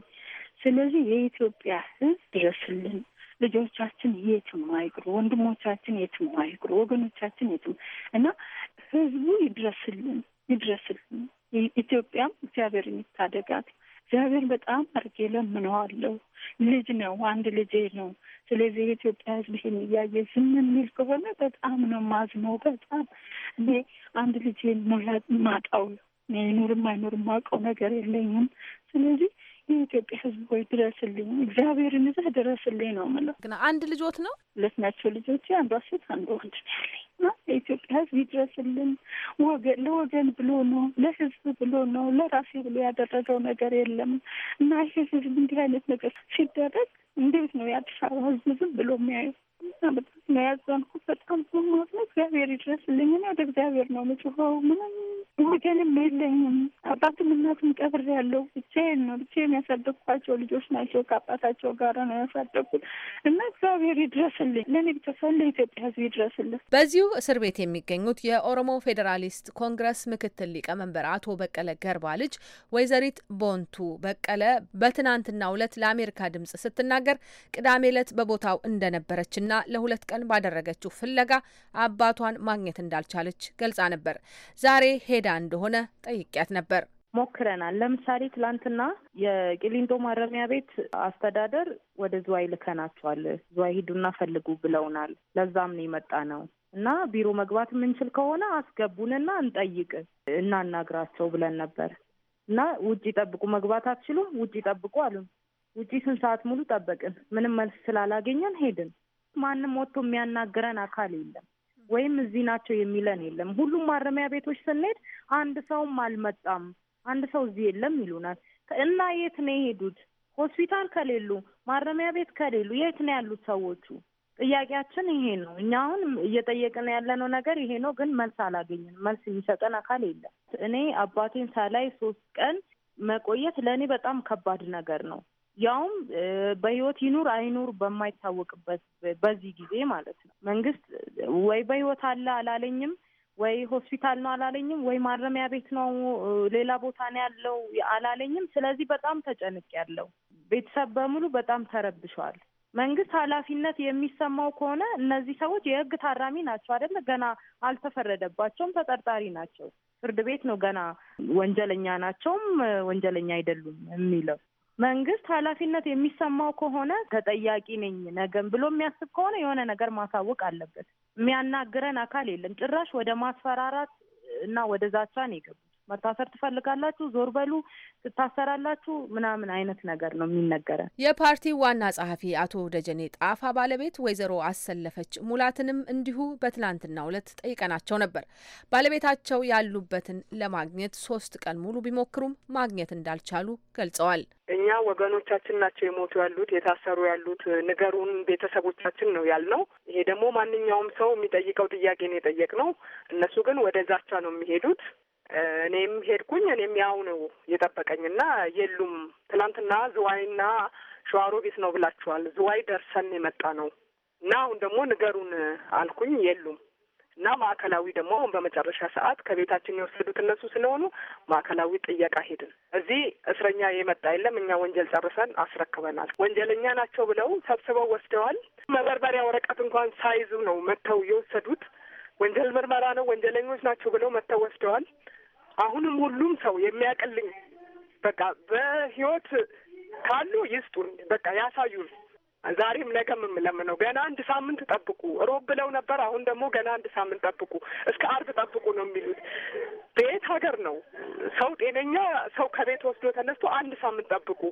ስለዚህ የኢትዮጵያ ሕዝብ ድረስልን። ልጆቻችን የትም አይቅሩ፣ ወንድሞቻችን የትም አይቅሩ፣ ወገኖቻችን የትም እና ህዝቡ ይድረስልን፣ ይድረስልን ኢትዮጵያም እግዚአብሔር የሚታደጋት እግዚአብሔር በጣም አድርጌ ለምነዋለሁ። ልጅ ነው፣ አንድ ልጄ ነው። ስለዚህ የኢትዮጵያ ሕዝብ ይህን እያየ ዝም የሚል ከሆነ በጣም ነው ማዝነው። በጣም እኔ አንድ ልጄ ማጣው። ይኑርም አይኑርም ማውቀው ነገር የለኝም። ስለዚህ የኢትዮጵያ ሕዝብ ወይ ድረስልኝ፣ እግዚአብሔርን ይዘህ ድረስልኝ ነው የምለው። ግን አንድ ልጆት ነው ሁለት ናቸው ልጆች፣ አንዷ ሴት አንዱ ወንድ ነው የኢትዮጵያ ሕዝብ ይድረስልን። ወገን ለወገን ብሎ ነው ለሕዝብ ብሎ ነው ለራሴ ብሎ ያደረገው ነገር የለም እና ይህ ሕዝብ እንዲህ አይነት ነገር ሲደረግ እንዴት ነው የአዲስ አበባ ሕዝብ ዝም ብሎ የሚያዩ? በጣም ነው ያዘንኩት። በጣም ማለት ነው። እግዚአብሔር ይድረስልኝ። እኔ ወደ እግዚአብሔር ነው ምጮኸው። ምንም ወገንም የለኝም። አባትም እናትም ቀብር ያለው ብቻዬን ነው። ብቻዬን ያሳደግኳቸው ልጆች ናቸው። ከአባታቸው ጋር ነው ያሳደግኩት እና እግዚአብሔር ይድረስልኝ። ለእኔ ብቻ ሳይሆን ለኢትዮጵያ ሕዝብ ይድረስልን። በዚሁ እስር ቤት የሚገኙት የኦሮሞ ፌዴራሊስት ኮንግረስ ምክትል ሊቀመንበር አቶ በቀለ ገርባ ልጅ ወይዘሪት ቦንቱ በቀለ በትናንትናው ዕለት ለአሜሪካ ድምጽ ስትናገር ቅዳሜ ዕለት በቦታው እንደነበረች እና ለሁለት ቀን ባደረገችው ፍለጋ አባቷን ማግኘት እንዳልቻለች ገልጻ ነበር። ዛሬ ሄዳ እንደሆነ ጠይቂያት ነበር። ሞክረናል። ለምሳሌ ትላንትና የቂሊንጦ ማረሚያ ቤት አስተዳደር ወደ ዝዋይ ልከናቸዋል። ዝዋይ ሂዱና ፈልጉ ብለውናል። ለዛም ነው የመጣ ነው እና ቢሮ መግባት የምንችል ከሆነ አስገቡንና እንጠይቅ እናናግራቸው ብለን ነበር እና ውጭ ጠብቁ፣ መግባት አትችሉም፣ ውጭ ጠብቁ አሉን። ውጪ ስንት ሰዓት ሙሉ ጠበቅን። ምንም መልስ ስላላገኘን ሄድን። ማንም ወጥቶ የሚያናግረን አካል የለም፣ ወይም እዚህ ናቸው የሚለን የለም። ሁሉም ማረሚያ ቤቶች ስንሄድ አንድ ሰውም አልመጣም፣ አንድ ሰው እዚህ የለም ይሉናል። እና የት ነው የሄዱት? ሆስፒታል ከሌሉ ማረሚያ ቤት ከሌሉ የት ነው ያሉት ሰዎቹ? ጥያቄያችን ይሄ ነው። እኛ አሁን እየጠየቅን ያለነው ነገር ይሄ ነው፣ ግን መልስ አላገኝንም። መልስ የሚሰጠን አካል የለም። እኔ አባቴን ሳላይ ሶስት ቀን መቆየት ለእኔ በጣም ከባድ ነገር ነው። ያውም በህይወት ይኑር አይኑር በማይታወቅበት በዚህ ጊዜ ማለት ነው። መንግስት ወይ በህይወት አለ አላለኝም፣ ወይ ሆስፒታል ነው አላለኝም፣ ወይ ማረሚያ ቤት ነው ሌላ ቦታ ነው ያለው አላለኝም። ስለዚህ በጣም ተጨንቅ ያለው ቤተሰብ በሙሉ በጣም ተረብሸዋል። መንግስት ኃላፊነት የሚሰማው ከሆነ እነዚህ ሰዎች የህግ ታራሚ ናቸው አይደለ? ገና አልተፈረደባቸውም፣ ተጠርጣሪ ናቸው። ፍርድ ቤት ነው ገና ወንጀለኛ ናቸውም ወንጀለኛ አይደሉም የሚለው መንግስት ኃላፊነት የሚሰማው ከሆነ ተጠያቂ ነኝ ነገም ብሎ የሚያስብ ከሆነ የሆነ ነገር ማሳወቅ አለበት። የሚያናግረን አካል የለም። ጭራሽ ወደ ማስፈራራት እና ወደ ዛቻ ነው የገቡ። መታሰር ትፈልጋላችሁ፣ ዞር በሉ፣ ትታሰራላችሁ ምናምን አይነት ነገር ነው የሚነገረን። የፓርቲ ዋና ጸሐፊ አቶ ደጀኔ ጣፋ ባለቤት ወይዘሮ አሰለፈች ሙላትንም እንዲሁ በትናንትናው ሁለት ጠይቀናቸው ነበር። ባለቤታቸው ያሉበትን ለማግኘት ሶስት ቀን ሙሉ ቢሞክሩም ማግኘት እንዳልቻሉ ገልጸዋል። እኛ ወገኖቻችን ናቸው የሞቱ ያሉት የታሰሩ ያሉት ንገሩን፣ ቤተሰቦቻችን ነው ያልነው። ይሄ ደግሞ ማንኛውም ሰው የሚጠይቀው ጥያቄ ነው የጠየቅነው። እነሱ ግን ወደ ዛቻ ነው የሚሄዱት። እኔም ሄድኩኝ። እኔም ያው ነው የጠበቀኝና የሉም። ትናንትና ዝዋይና ቤት ነው ብላችኋል። ዝዋይ ደርሰን የመጣ ነው እና አሁን ደግሞ ንገሩን አልኩኝ። የሉም እና ማዕከላዊ ደግሞ አሁን በመጨረሻ ሰዓት ከቤታችን የወሰዱት እነሱ ስለሆኑ ማዕከላዊ ጥየቃ ሄድን። እዚህ እስረኛ የመጣ የለም። እኛ ወንጀል ጨርሰን አስረክበናል። ወንጀለኛ ናቸው ብለው ሰብስበው ወስደዋል። መበርበሪያ ወረቀት እንኳን ሳይዙ ነው መጥተው የወሰዱት። ወንጀል ምርመራ ነው፣ ወንጀለኞች ናቸው ብለው መጥተው ወስደዋል። አሁንም ሁሉም ሰው የሚያቀልኝ በቃ በህይወት ካሉ ይስጡን፣ በቃ ያሳዩን። ዛሬም ነገም የምለምነው ገና አንድ ሳምንት ጠብቁ፣ ሮብ ብለው ነበር። አሁን ደግሞ ገና አንድ ሳምንት ጠብቁ፣ እስከ አርብ ጠብቁ ነው የሚሉት። ቤት ሀገር ነው። ሰው ጤነኛ ሰው ከቤት ወስዶ ተነስቶ አንድ ሳምንት ጠብቁ።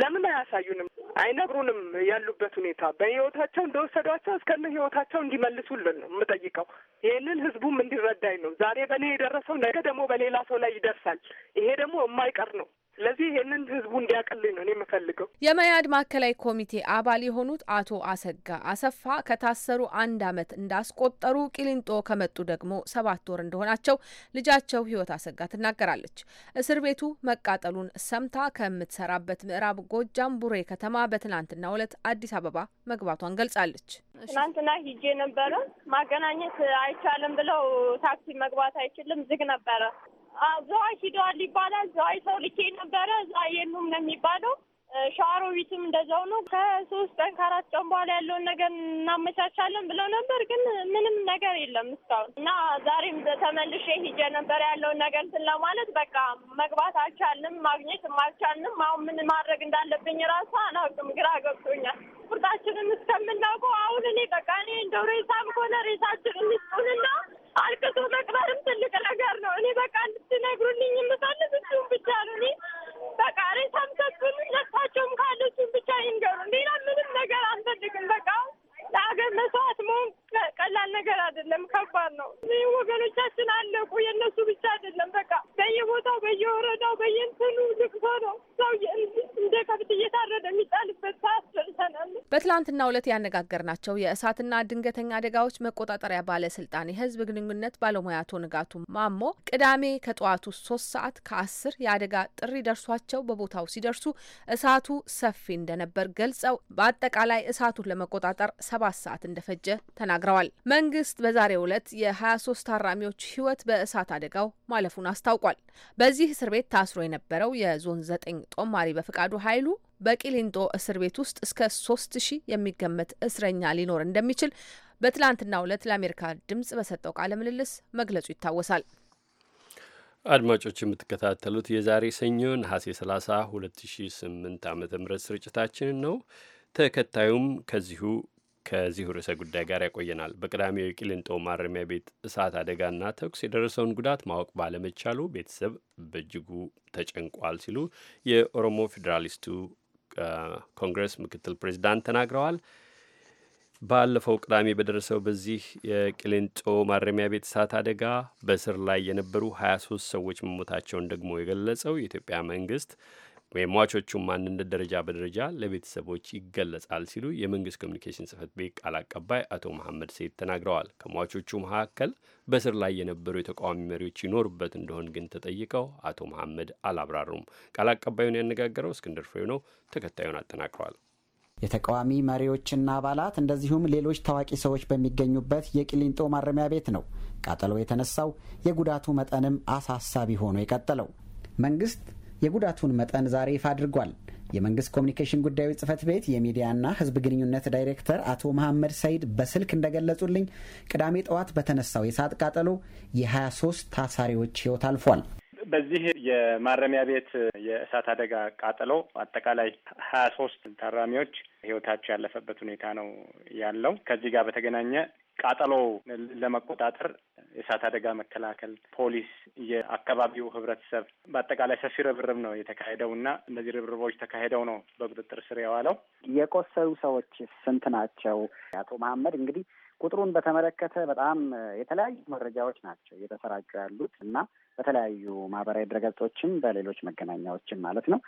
ለምን አያሳዩንም? አይነግሩንም ያሉበት ሁኔታ በህይወታቸው እንደወሰዷቸው እስከነ ህይወታቸው እንዲመልሱልን ነው የምጠይቀው። ይህንን ህዝቡም እንዲረዳኝ ነው። ዛሬ በእኔ የደረሰው ነገ ደግሞ በሌላ ሰው ላይ ይደርሳል። ይሄ ደግሞ የማይቀር ነው። ስለዚህ ይህንን ህዝቡ እንዲያቀልኝ ነው የምፈልገው። የመያድ ማዕከላዊ ኮሚቴ አባል የሆኑት አቶ አሰጋ አሰፋ ከታሰሩ አንድ አመት እንዳስቆጠሩ ቂሊንጦ ከመጡ ደግሞ ሰባት ወር እንደሆናቸው ልጃቸው ህይወት አሰጋ ትናገራለች። እስር ቤቱ መቃጠሉን ሰምታ ከምትሰራበት ምዕራብ ጎጃም ቡሬ ከተማ በትናንትና ዕለት አዲስ አበባ መግባቷን ገልጻለች። ትናንትና ሂጄ ነበረ። ማገናኘት አይቻልም ብለው ታክሲ መግባት አይችልም፣ ዝግ ነበረ። ዘዋ ሂደዋል ይባላል። ዘዋ ሰው ልኬ ነበረ። ዘዋ የሉም ነው የሚባለው ሸዋሮቢትም እንደዛው ነው። ከሶስት ቀን ከአራት ቀን በኋላ ያለውን ነገር እናመቻቻለን ብለው ነበር፣ ግን ምንም ነገር የለም እስካሁን እና ዛሬም ተመልሼ ሂጄ ነበር ያለውን ነገር እንትን ለማለት በቃ መግባት አልቻልንም፣ ማግኘት አልቻልንም። አሁን ምን ማድረግ እንዳለብኝ ራሱ አናውቅም፣ ግራ ገብቶኛል። ቁርጣችንን እስከምናውቀው አሁን እኔ በቃ እኔ እንደው ሬሳም ከሆነ ሬሳችን እንስጡንና አልቅሶ መቅበርም ትልቅ ነገር ነው። እኔ በቃ እንድትነግሩልኝ የምፈልግ እሱም ብቻ ነው እኔ በቃ ሬሳም ሰብም ነፍሳቸውም ካለ ብቻ ይንገሩ። ሌላ ምንም ነገር አንፈልግም። በቃ ለአገር መስዋዕት መሆን ቀላል ነገር አይደለም፣ ከባድ ነው። ይህ ወገኖቻችን አለቁ፣ የእነሱ ብቻ አይደለም። በቃ በየቦታው በየወረዳው በየንትኑ ልቅሶ ነው ሰው ሁለት ዕለት ያነጋገርናቸው የእሳትና ድንገተኛ አደጋዎች መቆጣጠሪያ ባለስልጣን የህዝብ ግንኙነት ባለሙያ አቶ ንጋቱ ማሞ ቅዳሜ ከጠዋቱ ሶስት ሰዓት ከአስር የአደጋ ጥሪ ደርሷቸው በቦታው ሲደርሱ እሳቱ ሰፊ እንደነበር ገልጸው በአጠቃላይ እሳቱን ለመቆጣጠር ሰባት ሰዓት እንደፈጀ ተናግረዋል። መንግስት በዛሬ ዕለት የ23 ታራሚዎች ህይወት በእሳት አደጋው ማለፉን አስታውቋል። በዚህ እስር ቤት ታስሮ የነበረው የዞን ዘጠኝ ጦማሪ በፍቃዱ ኃይሉ በቂሊንጦ እስር ቤት ውስጥ እስከ ሶስት ሺህ የሚገመት እስረኛ ሊኖር እንደሚችል በትላንትናው ዕለት ለአሜሪካ ድምጽ በሰጠው ቃለ ምልልስ መግለጹ ይታወሳል። አድማጮች የምትከታተሉት የዛሬ ሰኞ ነሐሴ 30 2008 ዓ ም ስርጭታችንን ነው። ተከታዩም ከዚሁ ከዚሁ ርዕሰ ጉዳይ ጋር ያቆየናል። በቅዳሜው የቂሊንጦ ማረሚያ ቤት እሳት አደጋና ተኩስ የደረሰውን ጉዳት ማወቅ ባለመቻሉ ቤተሰብ በእጅጉ ተጨንቋል ሲሉ የኦሮሞ ፌዴራሊስቱ ኮንግረስ ምክትል ፕሬዚዳንት ተናግረዋል። ባለፈው ቅዳሜ በደረሰው በዚህ የቅሊንጦ ማረሚያ ቤት እሳት አደጋ በስር ላይ የነበሩ 23 ሰዎች መሞታቸውን ደግሞ የገለጸው የኢትዮጵያ መንግስት ወይም ማንነት ደረጃ በደረጃ ለቤተሰቦች ይገለጻል ሲሉ የመንግስት ኮሚኒኬሽን ጽህፈት ቤት ቃል አቀባይ አቶ መሐመድ ሴት ተናግረዋል። ከሟቾቹ መካከል በስር ላይ የነበሩ የተቃዋሚ መሪዎች ይኖሩበት እንደሆን ግን ተጠይቀው አቶ መሐመድ አላብራሩም። ቃል አቀባዩን ያነጋገረው እስክንድር ፍሬው ነው። ተከታዩን አጠናቅረዋል። የተቃዋሚ መሪዎችና አባላት እንደዚሁም ሌሎች ታዋቂ ሰዎች በሚገኙበት የቂሊንጦ ማረሚያ ቤት ነው ቃጠሎ የተነሳው። የጉዳቱ መጠንም አሳሳቢ ሆኖ የቀጠለው መንግስት የጉዳቱን መጠን ዛሬ ይፋ አድርጓል። የመንግስት ኮሚኒኬሽን ጉዳዮች ጽህፈት ቤት የሚዲያና ህዝብ ግንኙነት ዳይሬክተር አቶ መሐመድ ሰይድ በስልክ እንደገለጹልኝ ቅዳሜ ጠዋት በተነሳው የእሳት ቃጠሎ የ23 ታሳሪዎች ህይወት አልፏል። በዚህ የማረሚያ ቤት የእሳት አደጋ ቃጠሎ አጠቃላይ ሀያ ሶስት ታራሚዎች ህይወታቸው ያለፈበት ሁኔታ ነው ያለው። ከዚህ ጋር በተገናኘ ቃጠሎ ለመቆጣጠር የእሳት አደጋ መከላከል ፖሊስ፣ የአካባቢው ህብረተሰብ በአጠቃላይ ሰፊ ርብርብ ነው የተካሄደው እና እነዚህ ርብርቦች ተካሄደው ነው በቁጥጥር ስር የዋለው። የቆሰሉ ሰዎች ስንት ናቸው? አቶ መሀመድ እንግዲህ ቁጥሩን በተመለከተ በጣም የተለያዩ መረጃዎች ናቸው እየተሰራጩ ያሉት እና በተለያዩ ማህበራዊ ድረገጾችም በሌሎች መገናኛዎችም ማለት ነው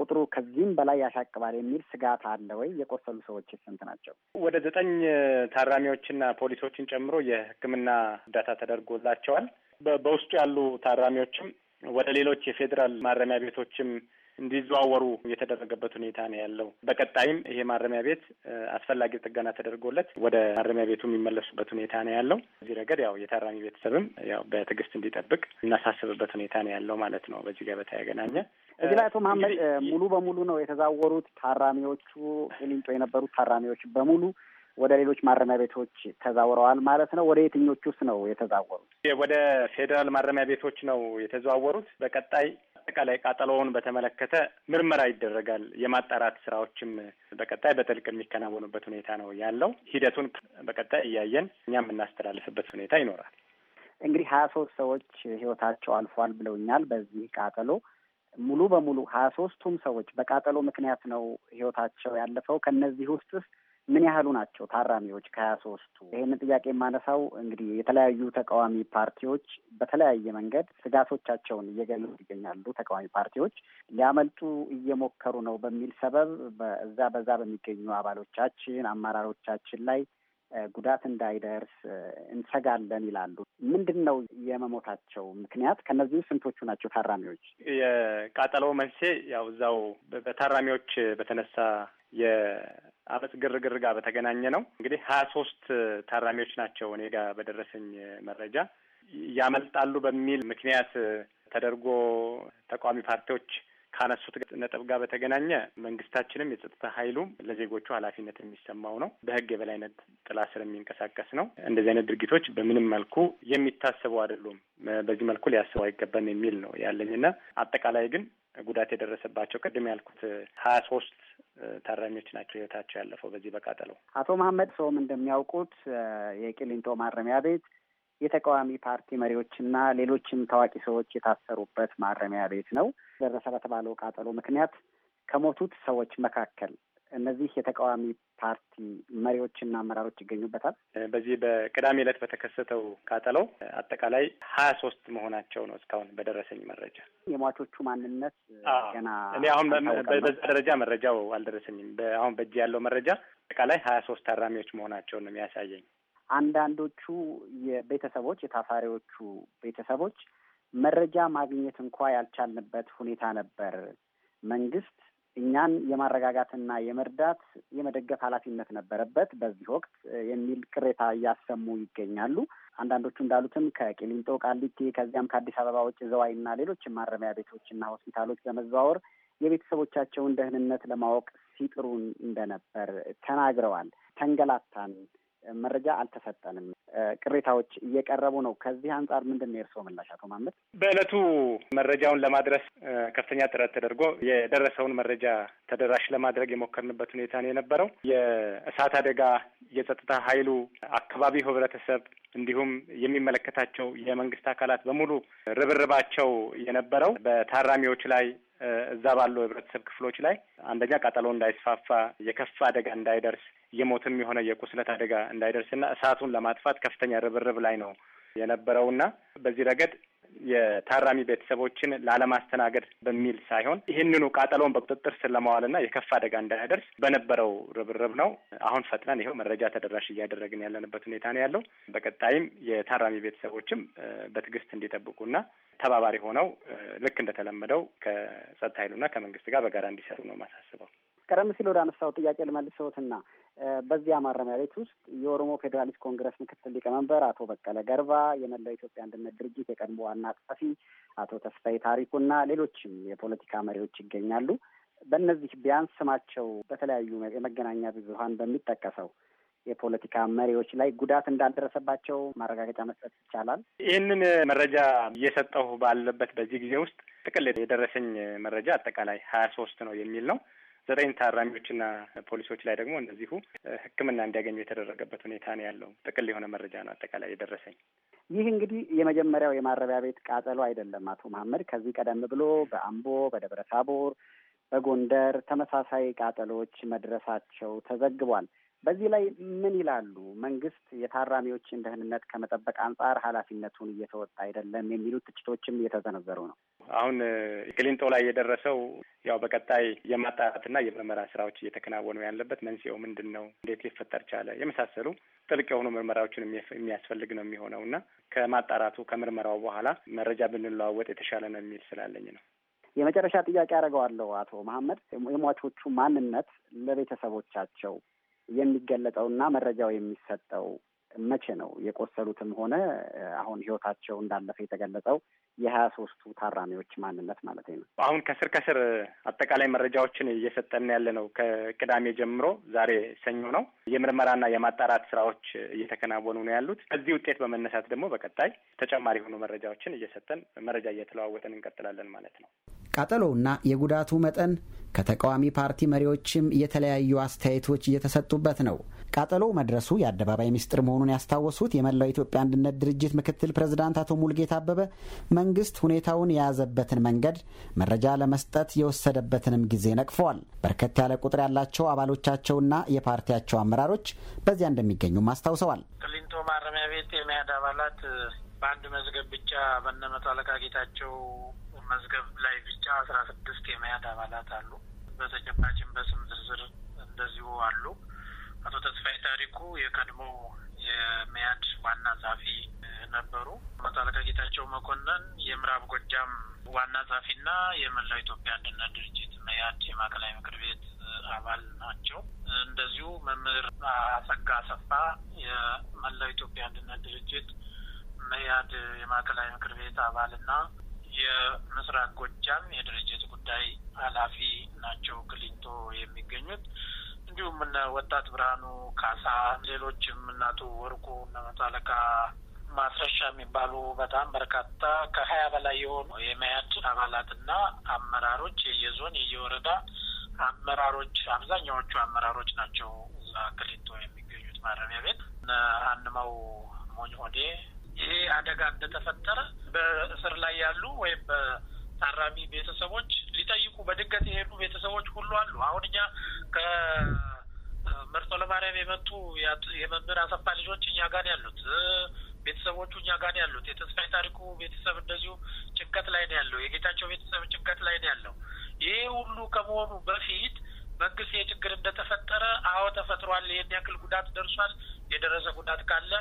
ቁጥሩ ከዚህም በላይ ያሻቅባል የሚል ስጋት አለ ወይ? የቆሰሉ ሰዎች ስንት ናቸው? ወደ ዘጠኝ ታራሚዎችና ፖሊሶችን ጨምሮ የሕክምና እርዳታ ተደርጎላቸዋል። በውስጡ ያሉ ታራሚዎችም ወደ ሌሎች የፌዴራል ማረሚያ ቤቶችም እንዲዘዋወሩ የተደረገበት ሁኔታ ነው ያለው። በቀጣይም ይሄ ማረሚያ ቤት አስፈላጊ ጥገና ተደርጎለት ወደ ማረሚያ ቤቱ የሚመለሱበት ሁኔታ ነው ያለው። በዚህ ረገድ ያው የታራሚ ቤተሰብም ያው በትዕግስት እንዲጠብቅ እናሳስብበት ሁኔታ ነው ያለው ማለት ነው። በዚህ ጋር በተገናኘ እዚህ ላይ አቶ መሀመድ ሙሉ በሙሉ ነው የተዛወሩት ታራሚዎቹ ቂሊንጦ የነበሩት ታራሚዎች በሙሉ ወደ ሌሎች ማረሚያ ቤቶች ተዛውረዋል ማለት ነው። ወደ የትኞቹስ ነው የተዛወሩት? ወደ ፌዴራል ማረሚያ ቤቶች ነው የተዘዋወሩት። በቀጣይ አጠቃላይ ቃጠሎውን በተመለከተ ምርመራ ይደረጋል። የማጣራት ስራዎችም በቀጣይ በጥልቅ የሚከናወኑበት ሁኔታ ነው ያለው። ሂደቱን በቀጣይ እያየን እኛ የምናስተላልፍበት ሁኔታ ይኖራል። እንግዲህ ሀያ ሶስት ሰዎች ህይወታቸው አልፏል ብለውኛል። በዚህ ቃጠሎ ሙሉ በሙሉ ሀያ ሶስቱም ሰዎች በቃጠሎ ምክንያት ነው ህይወታቸው ያለፈው። ከእነዚህ ውስጥ ምን ያህሉ ናቸው ታራሚዎች ከሀያ ሶስቱ? ይህንን ጥያቄ የማነሳው እንግዲህ የተለያዩ ተቃዋሚ ፓርቲዎች በተለያየ መንገድ ስጋቶቻቸውን እየገለጹ ይገኛሉ። ተቃዋሚ ፓርቲዎች ሊያመልጡ እየሞከሩ ነው በሚል ሰበብ በዛ በዛ በሚገኙ አባሎቻችን፣ አመራሮቻችን ላይ ጉዳት እንዳይደርስ እንሰጋለን ይላሉ። ምንድን ነው የመሞታቸው ምክንያት? ከነዚህ ስንቶቹ ናቸው ታራሚዎች? የቃጠሎው መንስኤ ያው እዛው በታራሚዎች በተነሳ አመፅ ግርግር ጋር በተገናኘ ነው። እንግዲህ ሀያ ሶስት ታራሚዎች ናቸው እኔ ጋር በደረሰኝ መረጃ ያመልጣሉ በሚል ምክንያት ተደርጎ ተቃዋሚ ፓርቲዎች ካነሱት ነጥብ ጋር በተገናኘ መንግስታችንም የጸጥታ ኃይሉ ለዜጎቹ ኃላፊነት የሚሰማው ነው። በህግ የበላይነት ጥላ ስር የሚንቀሳቀስ ነው። እንደዚህ አይነት ድርጊቶች በምንም መልኩ የሚታሰቡ አይደሉም። በዚህ መልኩ ሊያስቡ አይገባም የሚል ነው ያለኝና አጠቃላይ ግን ጉዳት የደረሰባቸው ቅድም ያልኩት ሀያ ሶስት ታራሚዎች ናቸው ህይወታቸው ያለፈው በዚህ በቃጠለው። አቶ መሀመድ ሰውም እንደሚያውቁት የቂሊንጦ ማረሚያ ቤት የተቃዋሚ ፓርቲ መሪዎችና ሌሎችም ታዋቂ ሰዎች የታሰሩበት ማረሚያ ቤት ነው። ደረሰ በተባለው ቃጠሎ ምክንያት ከሞቱት ሰዎች መካከል እነዚህ የተቃዋሚ ፓርቲ መሪዎችና አመራሮች ይገኙበታል። በዚህ በቅዳሜ ዕለት በተከሰተው ቃጠለው አጠቃላይ ሀያ ሶስት መሆናቸው ነው እስካሁን በደረሰኝ መረጃ። የሟቾቹ ማንነት ገና እኔ አሁን በዛ ደረጃ መረጃው አልደረሰኝም። አሁን በእጅ ያለው መረጃ አጠቃላይ ሀያ ሶስት ታራሚዎች መሆናቸውን ነው የሚያሳየኝ። አንዳንዶቹ የቤተሰቦች የታሳሪዎቹ ቤተሰቦች መረጃ ማግኘት እንኳ ያልቻልንበት ሁኔታ ነበር መንግስት እኛን የማረጋጋትና የመርዳት የመደገፍ ኃላፊነት ነበረበት በዚህ ወቅት የሚል ቅሬታ እያሰሙ ይገኛሉ። አንዳንዶቹ እንዳሉትም ከቂሊንጦ ቃሊቲ፣ ከዚያም ከአዲስ አበባ ውጭ ዘዋይና ሌሎች ማረሚያ ቤቶችና ሆስፒታሎች በመዘዋወር የቤተሰቦቻቸውን ደህንነት ለማወቅ ሲጥሩ እንደነበር ተናግረዋል። ተንገላታን፣ መረጃ አልተሰጠንም፣ ቅሬታዎች እየቀረቡ ነው። ከዚህ አንጻር ምንድን ነው የእርስዎ ምላሽ አቶ ማመድ? በእለቱ መረጃውን ለማድረስ ከፍተኛ ጥረት ተደርጎ የደረሰውን መረጃ ተደራሽ ለማድረግ የሞከርንበት ሁኔታ ነው የነበረው። የእሳት አደጋ የጸጥታ ኃይሉ አካባቢ ህብረተሰብ እንዲሁም የሚመለከታቸው የመንግስት አካላት በሙሉ ርብርባቸው የነበረው በታራሚዎች ላይ እዛ ባሉ ህብረተሰብ ክፍሎች ላይ አንደኛ ቃጠሎ እንዳይስፋፋ፣ የከፍ አደጋ እንዳይደርስ፣ የሞትም የሆነ የቁስለት አደጋ እንዳይደርስና እሳቱን ለማጥፋት ከፍተኛ ርብርብ ላይ ነው የነበረውና በዚህ ረገድ የታራሚ ቤተሰቦችን ላለማስተናገድ በሚል ሳይሆን ይህንኑ ቃጠሎውን በቁጥጥር ስር ለማዋልና የከፍ አደጋ እንዳያደርስ በነበረው ርብርብ ነው። አሁን ፈጥነን ይኸው መረጃ ተደራሽ እያደረግን ያለንበት ሁኔታ ነው ያለው። በቀጣይም የታራሚ ቤተሰቦችም በትዕግስት እንዲጠብቁና ተባባሪ ሆነው ልክ እንደተለመደው ከጸጥታ ኃይሉና ከመንግስት ጋር በጋራ እንዲሰሩ ነው ማሳስበው። ቀደም ሲል ወደ አነሳው ጥያቄ ልመልሰዎትና በዚያ ማረሚያ ቤት ውስጥ የኦሮሞ ፌዴራሊስት ኮንግረስ ምክትል ሊቀመንበር አቶ በቀለ ገርባ፣ የመላው ኢትዮጵያ አንድነት ድርጅት የቀድሞ ዋና ጸሐፊ አቶ ተስፋዬ ታሪኩና ሌሎችም የፖለቲካ መሪዎች ይገኛሉ። በእነዚህ ቢያንስ ስማቸው በተለያዩ የመገናኛ ብዙኃን በሚጠቀሰው የፖለቲካ መሪዎች ላይ ጉዳት እንዳልደረሰባቸው ማረጋገጫ መስጠት ይቻላል። ይህንን መረጃ እየሰጠሁ ባለበት በዚህ ጊዜ ውስጥ ጥቅል የደረሰኝ መረጃ አጠቃላይ ሀያ ሶስት ነው የሚል ነው። ዘጠኝ ታራሚዎችና ፖሊሶች ላይ ደግሞ እንደዚሁ ሕክምና እንዲያገኙ የተደረገበት ሁኔታ ነው ያለው። ጥቅል የሆነ መረጃ ነው አጠቃላይ የደረሰኝ። ይህ እንግዲህ የመጀመሪያው የማረቢያ ቤት ቃጠሎ አይደለም አቶ መሀመድ። ከዚህ ቀደም ብሎ በአምቦ፣ በደብረ ታቦር፣ በጎንደር ተመሳሳይ ቃጠሎዎች መድረሳቸው ተዘግቧል። በዚህ ላይ ምን ይላሉ? መንግስት የታራሚዎችን ደህንነት ከመጠበቅ አንጻር ኃላፊነቱን እየተወጣ አይደለም የሚሉት ትችቶችም እየተዘነዘሩ ነው። አሁን ቅሊንጦ ላይ የደረሰው ያው በቀጣይ የማጣራትና የምርመራ ስራዎች እየተከናወኑ ያለበት መንስኤው ምንድን ነው፣ እንዴት ሊፈጠር ቻለ፣ የመሳሰሉ ጥልቅ የሆኑ ምርመራዎችን የሚያስፈልግ ነው የሚሆነው እና ከማጣራቱ ከምርመራው በኋላ መረጃ ብንለዋወጥ የተሻለ ነው የሚል ስላለኝ ነው። የመጨረሻ ጥያቄ አደርገዋለሁ። አቶ መሀመድ የሟቾቹ ማንነት ለቤተሰቦቻቸው የሚገለጠውና መረጃው የሚሰጠው መቼ ነው? የቆሰሉትም ሆነ አሁን ህይወታቸው እንዳለፈ የተገለጸው የሀያ ሶስቱ ታራሚዎች ማንነት ማለት ነው። አሁን ከስር ከስር አጠቃላይ መረጃዎችን እየሰጠን ያለ ነው። ከቅዳሜ ጀምሮ ዛሬ ሰኞ ነው። የምርመራና የማጣራት ስራዎች እየተከናወኑ ነው ያሉት። ከዚህ ውጤት በመነሳት ደግሞ በቀጣይ ተጨማሪ የሆኑ መረጃዎችን እየሰጠን መረጃ እየተለዋወጠን እንቀጥላለን ማለት ነው። ቃጠሎውና የጉዳቱ መጠን ከተቃዋሚ ፓርቲ መሪዎችም የተለያዩ አስተያየቶች እየተሰጡበት ነው። ቃጠሎ መድረሱ የአደባባይ ሚስጥር መሆኑን ያስታወሱት የመላው ኢትዮጵያ አንድነት ድርጅት ምክትል ፕሬዝዳንት አቶ ሙልጌታ አበበ መንግስት ሁኔታውን የያዘበትን መንገድ መረጃ ለመስጠት የወሰደበትንም ጊዜ ነቅፈዋል። በርከት ያለ ቁጥር ያላቸው አባሎቻቸውና የፓርቲያቸው አመራሮች በዚያ እንደሚገኙም አስታውሰዋል። ቅሊንጦ ማረሚያ ቤት የመያድ አባላት በአንድ መዝገብ ብቻ በእነ መቶ አለቃ ጌታቸው መዝገብ ላይ ብቻ አስራ ስድስት የመያድ አባላት አሉ። በተጨባጭም በስም ዝርዝር እንደዚሁ አሉ። አቶ ተስፋዬ ታሪኩ የቀድሞ የመያድ ዋና ጸሐፊ ነበሩ። አቶ አለቃ ጌታቸው መኮንን የምዕራብ ጎጃም ዋና ጸሐፊና የመላው ኢትዮጵያ አንድነት ድርጅት መያድ የማዕከላዊ ምክር ቤት አባል ናቸው። እንደዚሁ መምህር አሰጋ አሰፋ የመላው ኢትዮጵያ አንድነት ድርጅት መያድ የማዕከላዊ ምክር ቤት አባልና የምስራቅ ጎጃም የድርጅት ጉዳይ ኃላፊ ናቸው። ክሊንቶ የሚገኙት እንዲሁም እነ ወጣት ብርሃኑ ካሳ፣ ሌሎችም እናቱ ወርቁ፣ እነ መጻለቃ ማስረሻ የሚባሉ በጣም በርካታ ከሀያ በላይ የሆኑ የመያድ አባላትና አመራሮች የየዞን የየወረዳ አመራሮች አብዛኛዎቹ አመራሮች ናቸው እዛ ቅሊንጦ የሚገኙት ማረሚያ ቤት እነ አንማው ሞኝ ሆዴ ይሄ አደጋ እንደተፈጠረ በእስር ላይ ያሉ ወይም ታራሚ ቤተሰቦች ሊጠይቁ በድንገት የሄዱ ቤተሰቦች ሁሉ አሉ። አሁን እኛ ከመርጦ ለማርያም የመጡ የመምህር አሰፋ ልጆች እኛ ጋር ያሉት ቤተሰቦቹ እኛ ጋር ያሉት የተስፋይ ታሪኩ ቤተሰብ እንደዚሁ ጭንቀት ላይ ነው ያለው። የጌታቸው ቤተሰብ ጭንቀት ላይ ነው ያለው። ይሄ ሁሉ ከመሆኑ በፊት መንግስት ይህ ችግር እንደተፈጠረ አዎ ተፈጥሯል፣ ይህን ያክል ጉዳት ደርሷል፣ የደረሰ ጉዳት ካለ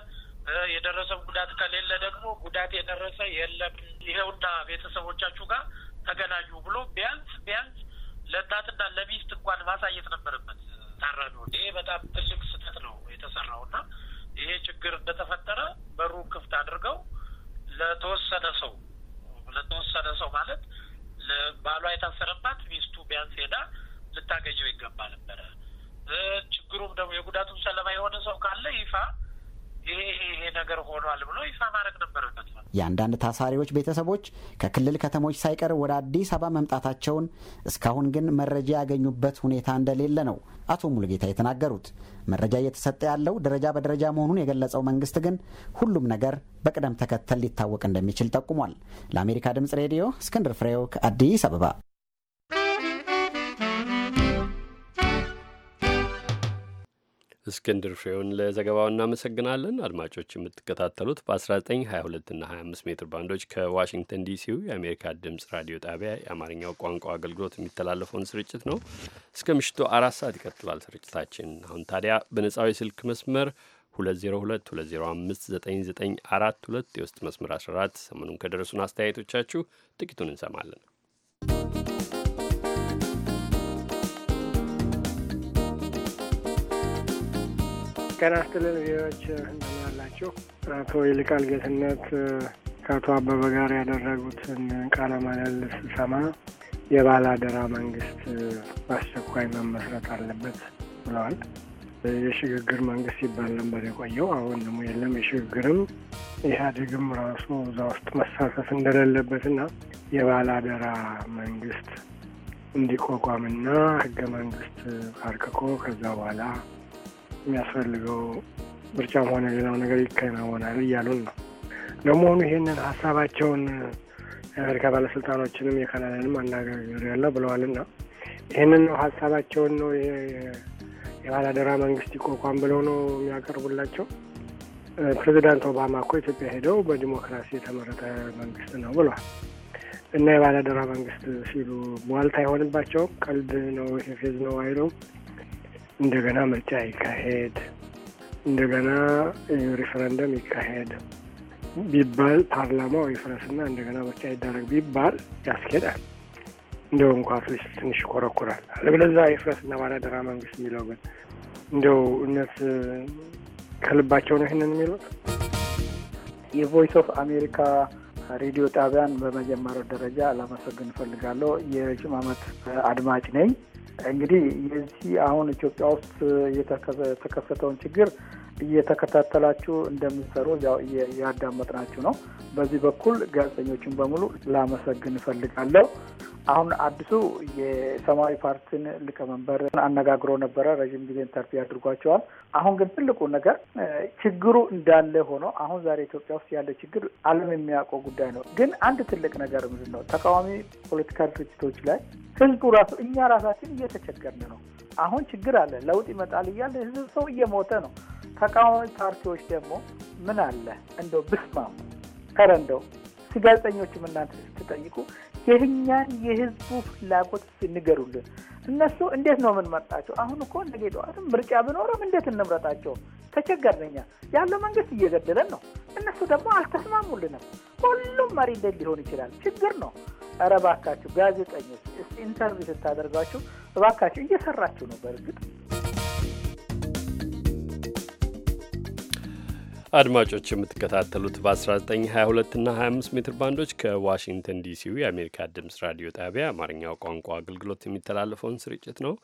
የደረሰው ጉዳት ከሌለ ደግሞ ጉዳት የደረሰ የለም ይኸውና ቤተሰቦቻችሁ ጋር ተገናኙ ብሎ ቢያንስ ቢያንስ ለእናትና ለሚስት እንኳን ማሳየት ነበረበት ታራሚ። ይሄ በጣም ትልቅ ስህተት ነው የተሰራው ይሄ ችግር እንደተፈጠረ በሩ ክፍት አድርገው ለተወሰነ ሰው ለተወሰነ ሰው ማለት ባሏ የታሰረባት ሚስቱ ቢያንስ ሄዳ ልታገኘው ይገባ ነበረ። ችግሩም ደግሞ የጉዳቱም ሰለባ የሆነ ሰው ካለ ይፋ ይሄ ይሄ ነገር ሆኗል ብሎ ይፋ ማድረግ ነበረበት። የአንዳንድ ታሳሪዎች ቤተሰቦች ከክልል ከተሞች ሳይቀር ወደ አዲስ አበባ መምጣታቸውን እስካሁን ግን መረጃ ያገኙበት ሁኔታ እንደሌለ ነው አቶ ሙሉጌታ የተናገሩት። መረጃ እየተሰጠ ያለው ደረጃ በደረጃ መሆኑን የገለጸው መንግስት ግን ሁሉም ነገር በቅደም ተከተል ሊታወቅ እንደሚችል ጠቁሟል። ለአሜሪካ ድምጽ ሬዲዮ እስክንድር ፍሬው ከአዲስ አበባ እስክንድር ፍሬውን ለዘገባው እናመሰግናለን። አድማጮች የምትከታተሉት በ1922 እና 25 ሜትር ባንዶች ከዋሽንግተን ዲሲው የአሜሪካ ድምፅ ራዲዮ ጣቢያ የአማርኛው ቋንቋ አገልግሎት የሚተላለፈውን ስርጭት ነው። እስከ ምሽቱ አራት ሰዓት ይቀጥላል ስርጭታችን። አሁን ታዲያ በነጻው የስልክ መስመር 2022059942 የውስጥ መስመር 14 ሰሞኑን ከደረሱን አስተያየቶቻችሁ ጥቂቱን እንሰማለን። ጤና ይስጥልን ዜዎች እንደምን አላችሁ? አቶ ይልቃል ጌትነት ከአቶ አበበ ጋር ያደረጉትን ቃለ ምልልስ ስሰማ የባለ አደራ መንግስት በአስቸኳይ መመስረት አለበት ብለዋል። የሽግግር መንግስት ይባል ነበር የቆየው። አሁን ደግሞ የለም። የሽግግርም ኢህአዴግም ራሱ እዛ ውስጥ መሳተፍ እንደሌለበትና የባለ አደራ መንግስት እንዲቋቋምና ህገ መንግስት አርቅቆ ከዛ በኋላ የሚያስፈልገው ምርጫም ሆነ ሌላው ነገር ይከናወናል እያሉን ነው። ለመሆኑ ይህንን ሀሳባቸውን የአሜሪካ ባለስልጣኖችንም የካናዳንም አናጋገር ያለ ብለዋልና ይህንን ነው ሀሳባቸውን ነው የባላደራ መንግስት ይቋቋም ብለው ነው የሚያቀርቡላቸው። ፕሬዚዳንት ኦባማ እኮ ኢትዮጵያ ሄደው በዲሞክራሲ የተመረጠ መንግስት ነው ብለዋል። እና የባላደራ መንግስት ሲሉ ቧልት አይሆንባቸውም። ቀልድ ነው፣ ፌዝ ነው አይለውም። እንደገና ምርጫ ይካሄድ እንደገና ሪፈረንደም ይካሄድ ቢባል ፓርላማው ይፍረስና እንደገና ምርጫ ይደረግ ቢባል ያስኬዳል። እንደው እንኳ ትንሽ ትንሽ ይኮረኩራል። አለበለዚያ ይፍረስና ባለ መንግስት የሚለው ግን እንደው እነት ከልባቸው ነው ይህንን የሚሉት። የቮይስ ኦፍ አሜሪካ ሬዲዮ ጣቢያን በመጀመሪያው ደረጃ ላመሰግን እፈልጋለሁ። የረጅም ዓመት አድማጭ ነኝ። እንግዲህ የዚህ አሁን ኢትዮጵያ ውስጥ የተከሰተውን ችግር እየተከታተላችሁ እንደምትሰሩ ያው ያዳመጥናችሁ ነው። በዚህ በኩል ጋዜጠኞችን በሙሉ ላመሰግን እፈልጋለሁ። አሁን አዲሱ የሰማያዊ ፓርቲን ሊቀመንበር አነጋግሮ ነበረ። ረዥም ጊዜ ኢንተርቪው አድርጓቸዋል። አሁን ግን ትልቁ ነገር ችግሩ እንዳለ ሆኖ አሁን ዛሬ ኢትዮጵያ ውስጥ ያለ ችግር ዓለም የሚያውቀው ጉዳይ ነው። ግን አንድ ትልቅ ነገር ምንድን ነው? ተቃዋሚ ፖለቲካል ድርጅቶች ላይ ህዝቡ ራሱ እኛ ራሳችን እየተቸገርን ነው። አሁን ችግር አለ፣ ለውጥ ይመጣል እያለ ህዝብ ሰው እየሞተ ነው። ተቃዋሚ ፓርቲዎች ደግሞ ምን አለ እንደው ብስማሙ ከረ እንደው ጋዜጠኞችም እናንተ ስትጠይቁ የእኛን የህዝቡ ፍላጎት ንገሩልን። እነሱ እንዴት ነው የምንመርጣቸው? አሁን እኮ ነገ ምርጫ ብኖረም እንዴት እንምረጣቸው? ተቸገርን። እኛ ያለው መንግስት እየገደለን ነው፣ እነሱ ደግሞ አልተስማሙልንም። ሁሉም መሪ እንዴት ሊሆን ይችላል? ችግር ነው። ኧረ እባካችሁ ጋዜጠኞች፣ ኢንተርቪው ስታደርጓችሁ እባካችሁ እየሰራችሁ ነው በእርግጥ አድማጮች የምትከታተሉት በ1922 እና 25 ሜትር ባንዶች ከዋሽንግተን ዲሲው የአሜሪካ ድምፅ ራዲዮ ጣቢያ አማርኛው ቋንቋ አገልግሎት የሚተላለፈውን ስርጭት ነው።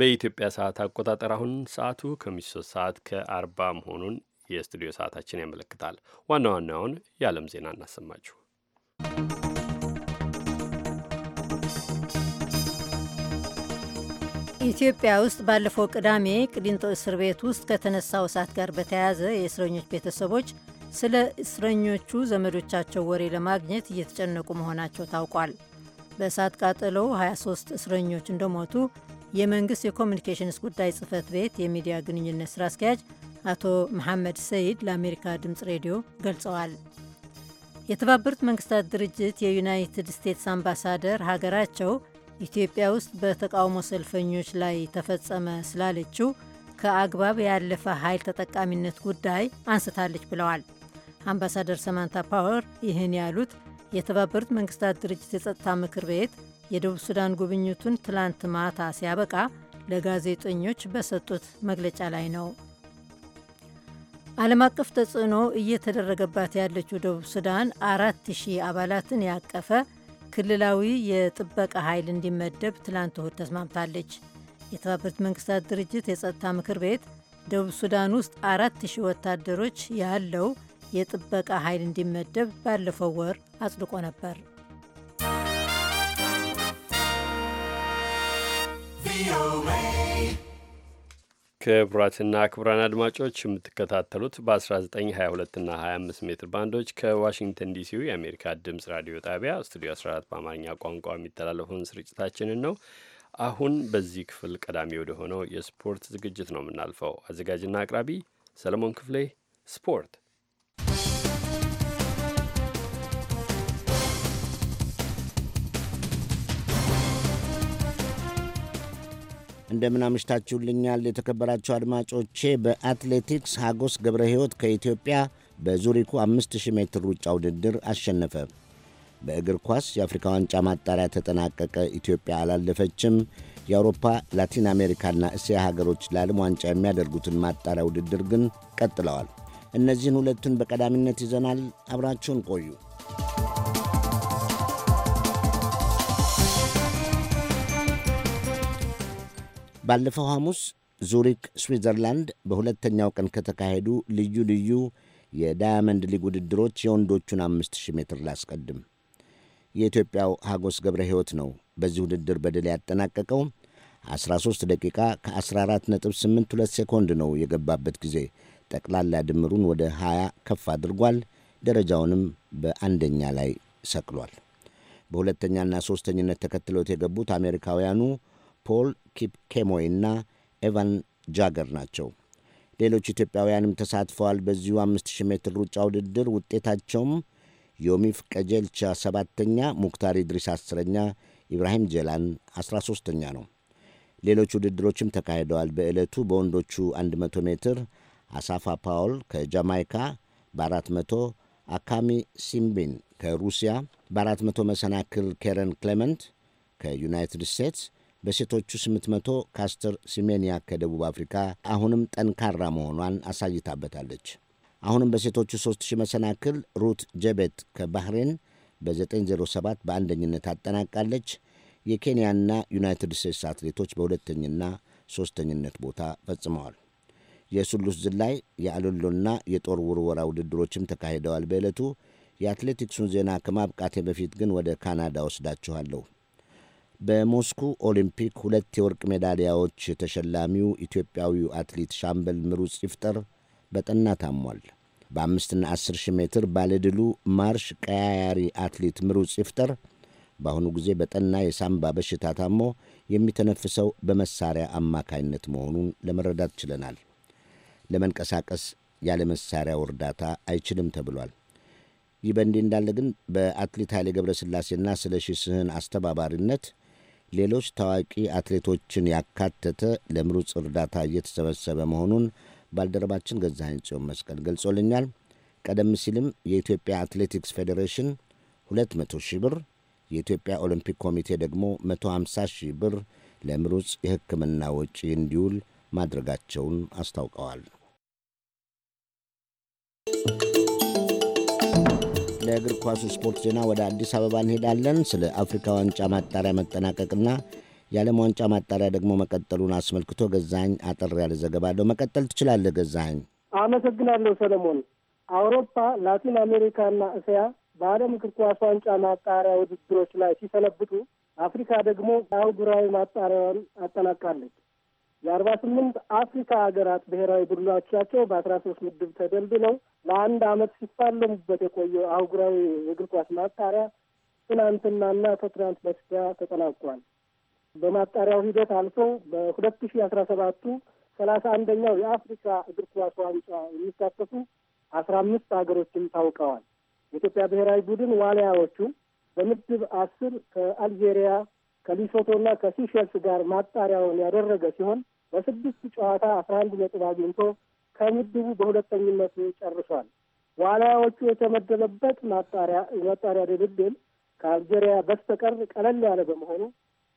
በኢትዮጵያ ሰዓት አቆጣጠር አሁን ሰዓቱ ከምሽቱ 3 ሰዓት ከአርባ መሆኑን የስቱዲዮ ሰዓታችን ያመለክታል። ዋና ዋናውን የዓለም ዜና እናሰማችሁ። ኢትዮጵያ ውስጥ ባለፈው ቅዳሜ ቅሊንጦ እስር ቤት ውስጥ ከተነሳው እሳት ጋር በተያያዘ የእስረኞች ቤተሰቦች ስለ እስረኞቹ ዘመዶቻቸው ወሬ ለማግኘት እየተጨነቁ መሆናቸው ታውቋል። በእሳት ቃጠሎው 23 እስረኞች እንደሞቱ የመንግሥት የኮሚኒኬሽንስ ጉዳይ ጽህፈት ቤት የሚዲያ ግንኙነት ሥራ አስኪያጅ አቶ መሐመድ ሰይድ ለአሜሪካ ድምፅ ሬዲዮ ገልጸዋል። የተባበሩት መንግስታት ድርጅት የዩናይትድ ስቴትስ አምባሳደር ሀገራቸው ኢትዮጵያ ውስጥ በተቃውሞ ሰልፈኞች ላይ ተፈጸመ ስላለችው ከአግባብ ያለፈ ኃይል ተጠቃሚነት ጉዳይ አንስታለች ብለዋል። አምባሳደር ሰማንታ ፓወር ይህን ያሉት የተባበሩት መንግስታት ድርጅት የጸጥታ ምክር ቤት የደቡብ ሱዳን ጉብኝቱን ትላንት ማታ ሲያበቃ ለጋዜጠኞች በሰጡት መግለጫ ላይ ነው። ዓለም አቀፍ ተጽዕኖ እየተደረገባት ያለችው ደቡብ ሱዳን አራት ሺህ አባላትን ያቀፈ ክልላዊ የጥበቃ ኃይል እንዲመደብ ትላንት እሁድ ተስማምታለች። የተባበሩት መንግስታት ድርጅት የጸጥታ ምክር ቤት ደቡብ ሱዳን ውስጥ አራት ሺህ ወታደሮች ያለው የጥበቃ ኃይል እንዲመደብ ባለፈው ወር አጽድቆ ነበር። ቪኦኤ ክቡራትና ክቡራን አድማጮች የምትከታተሉት በ1922 እና 25 ሜትር ባንዶች ከዋሽንግተን ዲሲው የአሜሪካ ድምፅ ራዲዮ ጣቢያ ስቱዲዮ 14 በአማርኛ ቋንቋ የሚተላለፈውን ስርጭታችንን ነው። አሁን በዚህ ክፍል ቀዳሚ ወደ ሆነው የስፖርት ዝግጅት ነው የምናልፈው። አዘጋጅና አቅራቢ ሰለሞን ክፍሌ ስፖርት እንደምን አምሽታችሁልኛል የተከበራችሁ አድማጮቼ። በአትሌቲክስ ሀጎስ ገብረ ሕይወት ከኢትዮጵያ በዙሪኩ 5000 ሜትር ሩጫ ውድድር አሸነፈ። በእግር ኳስ የአፍሪካ ዋንጫ ማጣሪያ ተጠናቀቀ። ኢትዮጵያ አላለፈችም። የአውሮፓ ላቲን አሜሪካና እስያ ሀገሮች ለዓለም ዋንጫ የሚያደርጉትን ማጣሪያ ውድድር ግን ቀጥለዋል። እነዚህን ሁለቱን በቀዳሚነት ይዘናል። አብራችሁን ቆዩ። ባለፈው ሐሙስ ዙሪክ ስዊዘርላንድ በሁለተኛው ቀን ከተካሄዱ ልዩ ልዩ የዳያመንድ ሊግ ውድድሮች የወንዶቹን አምስት ሺህ ሜትር ላስቀድም። የኢትዮጵያው ሐጎስ ገብረ ሕይወት ነው በዚህ ውድድር በድል ያጠናቀቀው። 13 ደቂቃ ከ14.82 ሴኮንድ ነው የገባበት ጊዜ። ጠቅላላ ድምሩን ወደ 20 ከፍ አድርጓል። ደረጃውንም በአንደኛ ላይ ሰቅሏል። በሁለተኛና ሦስተኝነት ተከትሎት የገቡት አሜሪካውያኑ ፖል ኪፕ ኬሞይና ኤቫን ጃገር ናቸው። ሌሎች ኢትዮጵያውያንም ተሳትፈዋል። በዚሁ 5000 ሜትር ሩጫ ውድድር ውጤታቸውም ዮሚፍ ቀጀልቻ ሰባተኛ፣ ሙክታር ኢድሪስ አስረኛ፣ ኢብራሂም ጀላን 13ተኛ ነው። ሌሎች ውድድሮችም ተካሂደዋል። በዕለቱ በወንዶቹ 100 ሜትር አሳፋ ፓውል ከጃማይካ በ400 አካሚ ሲምቢን ከሩሲያ በ400 መሰናክል ኬረን ክሌመንት ከዩናይትድ ስቴትስ በሴቶቹ 800 ካስተር ሲሜንያ ከደቡብ አፍሪካ አሁንም ጠንካራ መሆኗን አሳይታበታለች። አሁንም በሴቶቹ 3000 መሰናክል ሩት ጀቤት ከባህሬን በ907 በአንደኝነት አጠናቃለች። የኬንያና ዩናይትድ ስቴትስ አትሌቶች በሁለተኝና ሦስተኝነት ቦታ ፈጽመዋል። የሱሉስ ዝላይ፣ የአሎሎና የጦር ውርወራ ውድድሮችም ተካሂደዋል። በዕለቱ የአትሌቲክሱን ዜና ከማብቃቴ በፊት ግን ወደ ካናዳ ወስዳችኋለሁ። በሞስኩ ኦሊምፒክ ሁለት የወርቅ ሜዳሊያዎች ተሸላሚው ኢትዮጵያዊው አትሌት ሻምበል ምሩጽ ይፍጠር በጠና ታሟል። በአምስትና አስር ሺህ ሜትር ባለድሉ ማርሽ ቀያያሪ አትሌት ምሩጽ ይፍጠር በአሁኑ ጊዜ በጠና የሳምባ በሽታ ታሞ የሚተነፍሰው በመሳሪያ አማካይነት መሆኑን ለመረዳት ችለናል። ለመንቀሳቀስ ያለ መሳሪያው እርዳታ አይችልም ተብሏል። ይህ በእንዲህ እንዳለ ግን በአትሌት ኃይሌ ገብረስላሴና ስለሺ ስህን አስተባባሪነት ሌሎች ታዋቂ አትሌቶችን ያካተተ ለምሩፅ እርዳታ እየተሰበሰበ መሆኑን ባልደረባችን ገዛኸኝ ጽዮን መስቀል ገልጾልኛል። ቀደም ሲልም የኢትዮጵያ አትሌቲክስ ፌዴሬሽን 200 ሺህ ብር፣ የኢትዮጵያ ኦሎምፒክ ኮሚቴ ደግሞ 150 ሺህ ብር ለምሩፅ የሕክምና ወጪ እንዲውል ማድረጋቸውን አስታውቀዋል። እግር ኳስ ስፖርት ዜና ወደ አዲስ አበባ እንሄዳለን። ስለ አፍሪካ ዋንጫ ማጣሪያ መጠናቀቅና የዓለም ዋንጫ ማጣሪያ ደግሞ መቀጠሉን አስመልክቶ ገዛኝ አጠር ያለ ዘገባ አለው። መቀጠል ትችላለህ ገዛኝ አመሰግናለሁ ሰለሞን። አውሮፓ፣ ላቲን አሜሪካና እስያ በዓለም እግር ኳስ ዋንጫ ማጣሪያ ውድድሮች ላይ ሲሰነብጡ፣ አፍሪካ ደግሞ አህጉራዊ ማጣሪያውን አጠናቃለች። የአርባ ስምንት አፍሪካ ሀገራት ብሔራዊ ቡድኖቻቸው በአስራ ሶስት ምድብ ተደልድለው ለአንድ ዓመት ሲፋለሙበት የቆየው አህጉራዊ የእግር ኳስ ማጣሪያ ትናንትናና ከትናንት በስቲያ ተጠናቋል። በማጣሪያው ሂደት አልፎ በሁለት ሺ አስራ ሰባቱ ሰላሳ አንደኛው የአፍሪካ እግር ኳስ ዋንጫ የሚሳተፉ አስራ አምስት ሀገሮችም ታውቀዋል። የኢትዮጵያ ብሔራዊ ቡድን ዋልያዎቹ በምድብ አስር ከአልጄሪያ ከሊሶቶና ከሲሸልስ ጋር ማጣሪያውን ያደረገ ሲሆን በስድስት ጨዋታ አስራ አንድ ነጥብ አግኝቶ ከምድቡ በሁለተኝነት ጨርሷል። ዋልያዎቹ የተመደበበት ማጣሪያ ማጣሪያ ድልድል ከአልጄሪያ በስተቀር ቀለል ያለ በመሆኑ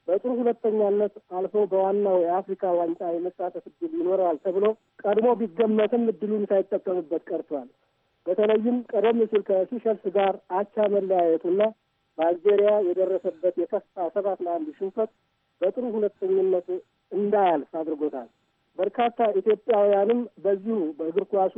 በጥሩ ሁለተኛነት አልፎ በዋናው የአፍሪካ ዋንጫ የመሳተፍ እድል ይኖረዋል ተብሎ ቀድሞ ቢገመትም እድሉን ሳይጠቀምበት ቀርቷል። በተለይም ቀደም ሲል ከሲሸልስ ጋር አቻ መለያየቱና በአልጄሪያ የደረሰበት የከፋ ሰባት ለአንድ ሽንፈት በጥሩ ሁለተኝነት እንዳያልፍ አድርጎታል። በርካታ ኢትዮጵያውያንም በዚሁ በእግር ኳሱ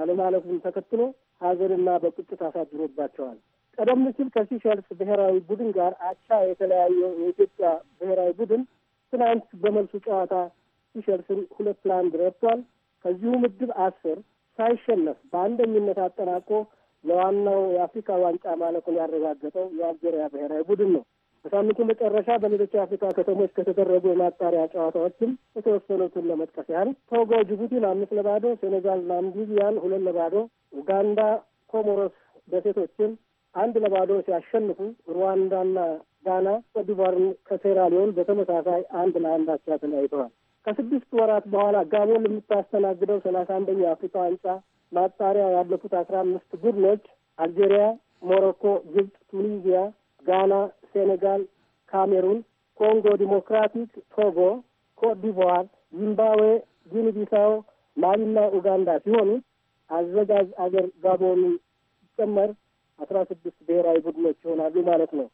አለማለፉን ተከትሎ ሀዘንና በቁጭት አሳድሮባቸዋል። ቀደም ሲል ከሲሸልስ ብሔራዊ ቡድን ጋር አቻ የተለያየው የኢትዮጵያ ብሔራዊ ቡድን ትናንት በመልሱ ጨዋታ ሲሸልስን ሁለት ለአንድ ረድቷል። ከዚሁ ምድብ አስር ሳይሸነፍ በአንደኝነት አጠናቆ ለዋናው የአፍሪካ ዋንጫ ማለፉን ያረጋገጠው የአልጄሪያ ብሔራዊ ቡድን ነው። በሳምንቱ መጨረሻ በሌሎች የአፍሪካ ከተሞች ከተደረጉ የማጣሪያ ጨዋታዎችም የተወሰኑትን ለመጥቀስ ያህል ቶጎ ጅቡቲን አምስት ለባዶ፣ ሴኔጋል ናሚቢያን ሁለት ለባዶ፣ ኡጋንዳ ኮሞሮስ ደሴቶችን አንድ ለባዶ ሲያሸንፉ ሩዋንዳና ጋና ኮትዲቯርን ከሴራሊዮን በተመሳሳይ አንድ ለአንድ አቻ ተለያይተዋል። ከስድስት ወራት በኋላ ጋቦን የምታስተናግደው ሰላሳ አንደኛው የአፍሪካ ዋንጫ ማጣሪያ ያለፉት አስራ አምስት ቡድኖች አልጄሪያ፣ ሞሮኮ፣ ግብፅ፣ ቱኒዚያ፣ ጋና፣ ሴኔጋል፣ ካሜሩን፣ ኮንጎ ዲሞክራቲክ፣ ቶጎ፣ ኮትዲቮር፣ ዚምባብዌ፣ ጊኒቢሳው፣ ማሊና ኡጋንዳ ሲሆኑ አዘጋጅ አገር ጋቦኑ ሲጨመር አስራ ስድስት ብሔራዊ ቡድኖች ይሆናሉ ማለት ነው።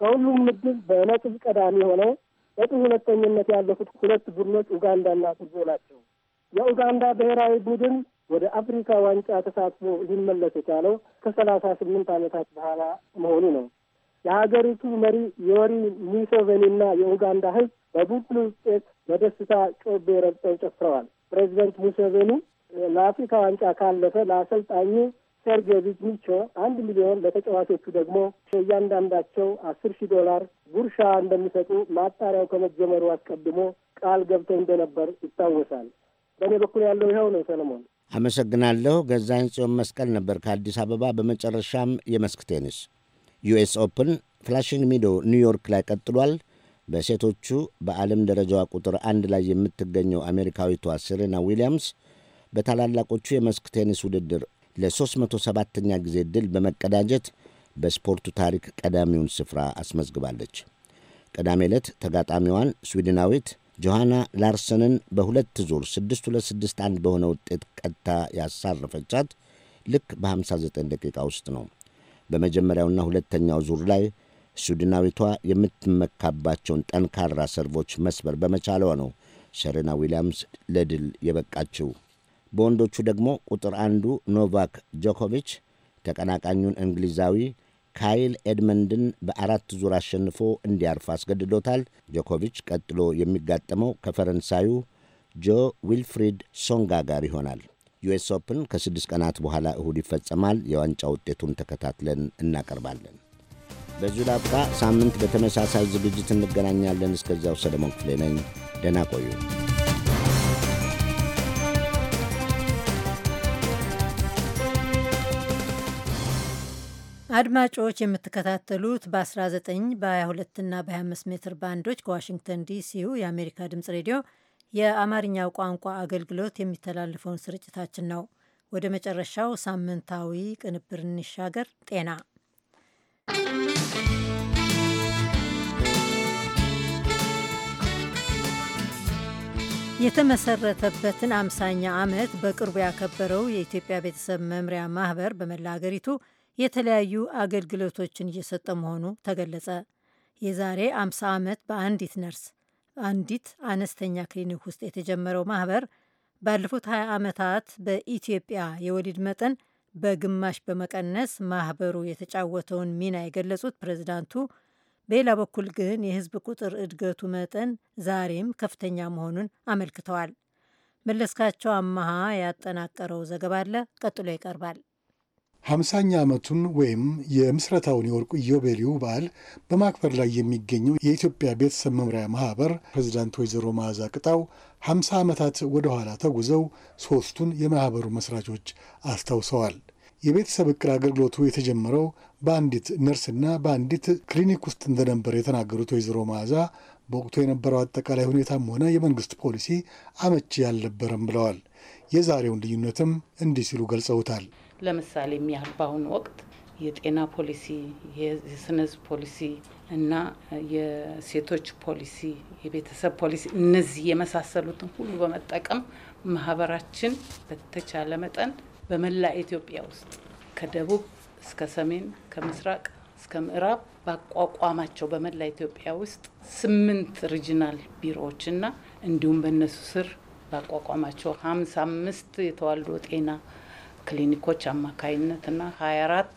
ከሁሉም ምድብ በነጥብ ቀዳሚ ሆነው በጥሩ ሁለተኝነት ያለፉት ሁለት ቡድኖች ኡጋንዳና ኮንጎ ናቸው። የኡጋንዳ ብሔራዊ ቡድን ወደ አፍሪካ ዋንጫ ተሳትፎ ሊመለስ የቻለው ከሰላሳ ስምንት ዓመታት በኋላ መሆኑ ነው። የሀገሪቱ መሪ ዮዌሪ ሙሴቬኒና የኡጋንዳ ሕዝብ በቡድኑ ውጤት በደስታ ጮቤ ረግጠው ጨፍረዋል። ፕሬዚደንት ሙሴቬኒ ለአፍሪካ ዋንጫ ካለፈ ለአሰልጣኙ ሴርጌ ቪዝኒቾ አንድ ሚሊዮን ለተጫዋቾቹ ደግሞ እያንዳንዳቸው አስር ሺህ ዶላር ጉርሻ እንደሚሰጡ ማጣሪያው ከመጀመሩ አስቀድሞ ቃል ገብተው እንደነበር ይታወሳል። በእኔ በኩል ያለው ይኸው ነው ሰለሞን። አመሰግናለሁ። ገዛኝ ጽዮን መስቀል ነበር ከአዲስ አበባ። በመጨረሻም የመስክ ቴኒስ ዩኤስ ኦፕን ፍላሽንግ ሚዶ ኒውዮርክ ላይ ቀጥሏል። በሴቶቹ በዓለም ደረጃዋ ቁጥር አንድ ላይ የምትገኘው አሜሪካዊቷ ሴሬና ዊሊያምስ በታላላቆቹ የመስክ ቴኒስ ውድድር ለ307ኛ ጊዜ ድል በመቀዳጀት በስፖርቱ ታሪክ ቀዳሚውን ስፍራ አስመዝግባለች። ቅዳሜ ዕለት ተጋጣሚዋን ስዊድናዊት ጆሃና ላርሰንን በሁለት ዙር 6261 በሆነ ውጤት ቀጥታ ያሳረፈቻት ልክ በ59 ደቂቃ ውስጥ ነው። በመጀመሪያውና ሁለተኛው ዙር ላይ ስዊድናዊቷ የምትመካባቸውን ጠንካራ ሰርቮች መስበር በመቻለዋ ነው ሴሬና ዊሊያምስ ለድል የበቃችው። በወንዶቹ ደግሞ ቁጥር አንዱ ኖቫክ ጆኮቪች ተቀናቃኙን እንግሊዛዊ ካይል ኤድመንድን በአራት ዙር አሸንፎ እንዲያርፍ አስገድዶታል። ጆኮቪች ቀጥሎ የሚጋጠመው ከፈረንሳዩ ጆ ዊልፍሪድ ሶንጋ ጋር ይሆናል። ዩኤስ ኦፕን ከስድስት ቀናት በኋላ እሁድ ይፈጸማል። የዋንጫ ውጤቱን ተከታትለን እናቀርባለን። በዚሁ ላብቃ። ሳምንት በተመሳሳይ ዝግጅት እንገናኛለን። እስከዚያው ሰለሞን ክፍሌ ነኝ። ደህና ቆዩ። አድማጮች የምትከታተሉት በ19 በ22 ና በ25 ሜትር ባንዶች ከዋሽንግተን ዲሲው የአሜሪካ ድምጽ ሬዲዮ የአማርኛው ቋንቋ አገልግሎት የሚተላለፈውን ስርጭታችን ነው። ወደ መጨረሻው ሳምንታዊ ቅንብር እንሻገር። ጤና የተመሰረተበትን አምሳኛ ዓመት በቅርቡ ያከበረው የኢትዮጵያ ቤተሰብ መምሪያ ማህበር በመላ አገሪቱ የተለያዩ አገልግሎቶችን እየሰጠ መሆኑ ተገለጸ። የዛሬ 50 ዓመት በአንዲት ነርስ አንዲት አነስተኛ ክሊኒክ ውስጥ የተጀመረው ማህበር ባለፉት 20 ዓመታት በኢትዮጵያ የወሊድ መጠን በግማሽ በመቀነስ ማህበሩ የተጫወተውን ሚና የገለጹት ፕሬዚዳንቱ፣ በሌላ በኩል ግን የህዝብ ቁጥር እድገቱ መጠን ዛሬም ከፍተኛ መሆኑን አመልክተዋል። መለስካቸው አመሃ ያጠናቀረው ዘገባ አለ፣ ቀጥሎ ይቀርባል። ሀምሳኛ ዓመቱን ወይም የምስረታውን የወርቁ ኢዮቤልዩ በዓል በማክበር ላይ የሚገኘው የኢትዮጵያ ቤተሰብ መምሪያ ማህበር ፕሬዚዳንት ወይዘሮ መዓዛ ቅጣው ሀምሳ ዓመታት ወደ ኋላ ተጉዘው ሦስቱን የማኅበሩ መስራቾች አስታውሰዋል። የቤተሰብ ዕቅድ አገልግሎቱ የተጀመረው በአንዲት ነርስና በአንዲት ክሊኒክ ውስጥ እንደነበር የተናገሩት ወይዘሮ መዓዛ በወቅቱ የነበረው አጠቃላይ ሁኔታም ሆነ የመንግስት ፖሊሲ አመቺ ያልነበረም ብለዋል። የዛሬውን ልዩነትም እንዲህ ሲሉ ገልጸውታል። ለምሳሌ የሚያህል በአሁኑ ወቅት የጤና ፖሊሲ፣ የስነ ህዝብ ፖሊሲ እና የሴቶች ፖሊሲ፣ የቤተሰብ ፖሊሲ እነዚህ የመሳሰሉትን ሁሉ በመጠቀም ማህበራችን በተቻለ መጠን በመላ ኢትዮጵያ ውስጥ ከደቡብ እስከ ሰሜን ከምስራቅ እስከ ምዕራብ ባቋቋማቸው በመላ ኢትዮጵያ ውስጥ ስምንት ሪጂናል ቢሮዎችና እንዲሁም በእነሱ ስር ባቋቋማቸው ሀምሳ አምስት የተዋልዶ ጤና ክሊኒኮች አማካይነትና ሀያ አራት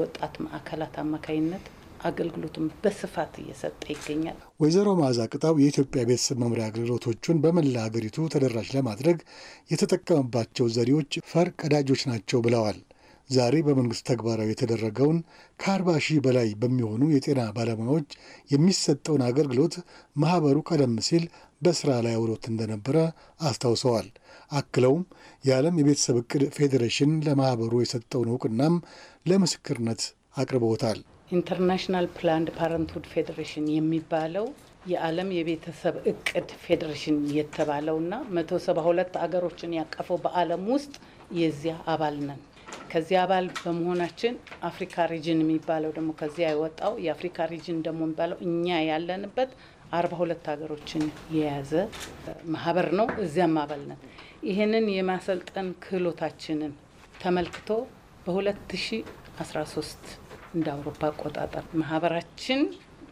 ወጣት ማዕከላት አማካይነት አገልግሎቱን በስፋት እየሰጠ ይገኛል። ወይዘሮ መዓዛ ቅጣው የኢትዮጵያ ቤተሰብ መምሪያ አገልግሎቶቹን በመላ ሀገሪቱ ተደራሽ ለማድረግ የተጠቀመባቸው ዘዴዎች ፈር ቀዳጆች ናቸው ብለዋል። ዛሬ በመንግስት ተግባራዊ የተደረገውን ከአርባ ሺህ በላይ በሚሆኑ የጤና ባለሙያዎች የሚሰጠውን አገልግሎት ማህበሩ ቀደም ሲል በስራ ላይ አውሎት እንደነበረ አስታውሰዋል። አክለውም የዓለም የቤተሰብ እቅድ ፌዴሬሽን ለማህበሩ የሰጠውን እውቅናም ለምስክርነት አቅርበውታል። ኢንተርናሽናል ፕላንድ ፓረንትሁድ ፌዴሬሽን የሚባለው የዓለም የቤተሰብ እቅድ ፌዴሬሽን የተባለውና መቶ ሰባ ሁለት አገሮችን ያቀፈው በዓለም ውስጥ የዚያ አባል ነን። ከዚህ አባል በመሆናችን አፍሪካ ሪጅን የሚባለው ደግሞ ከዚያ የወጣው የአፍሪካ ሪጅን ደግሞ የሚባለው እኛ ያለንበት አርባ ሁለት ሀገሮችን የያዘ ማህበር ነው። እዚያም አባል ነን። ይህንን የማሰልጠን ክህሎታችንን ተመልክቶ በ2013 እንደ አውሮፓ አቆጣጠር ማህበራችን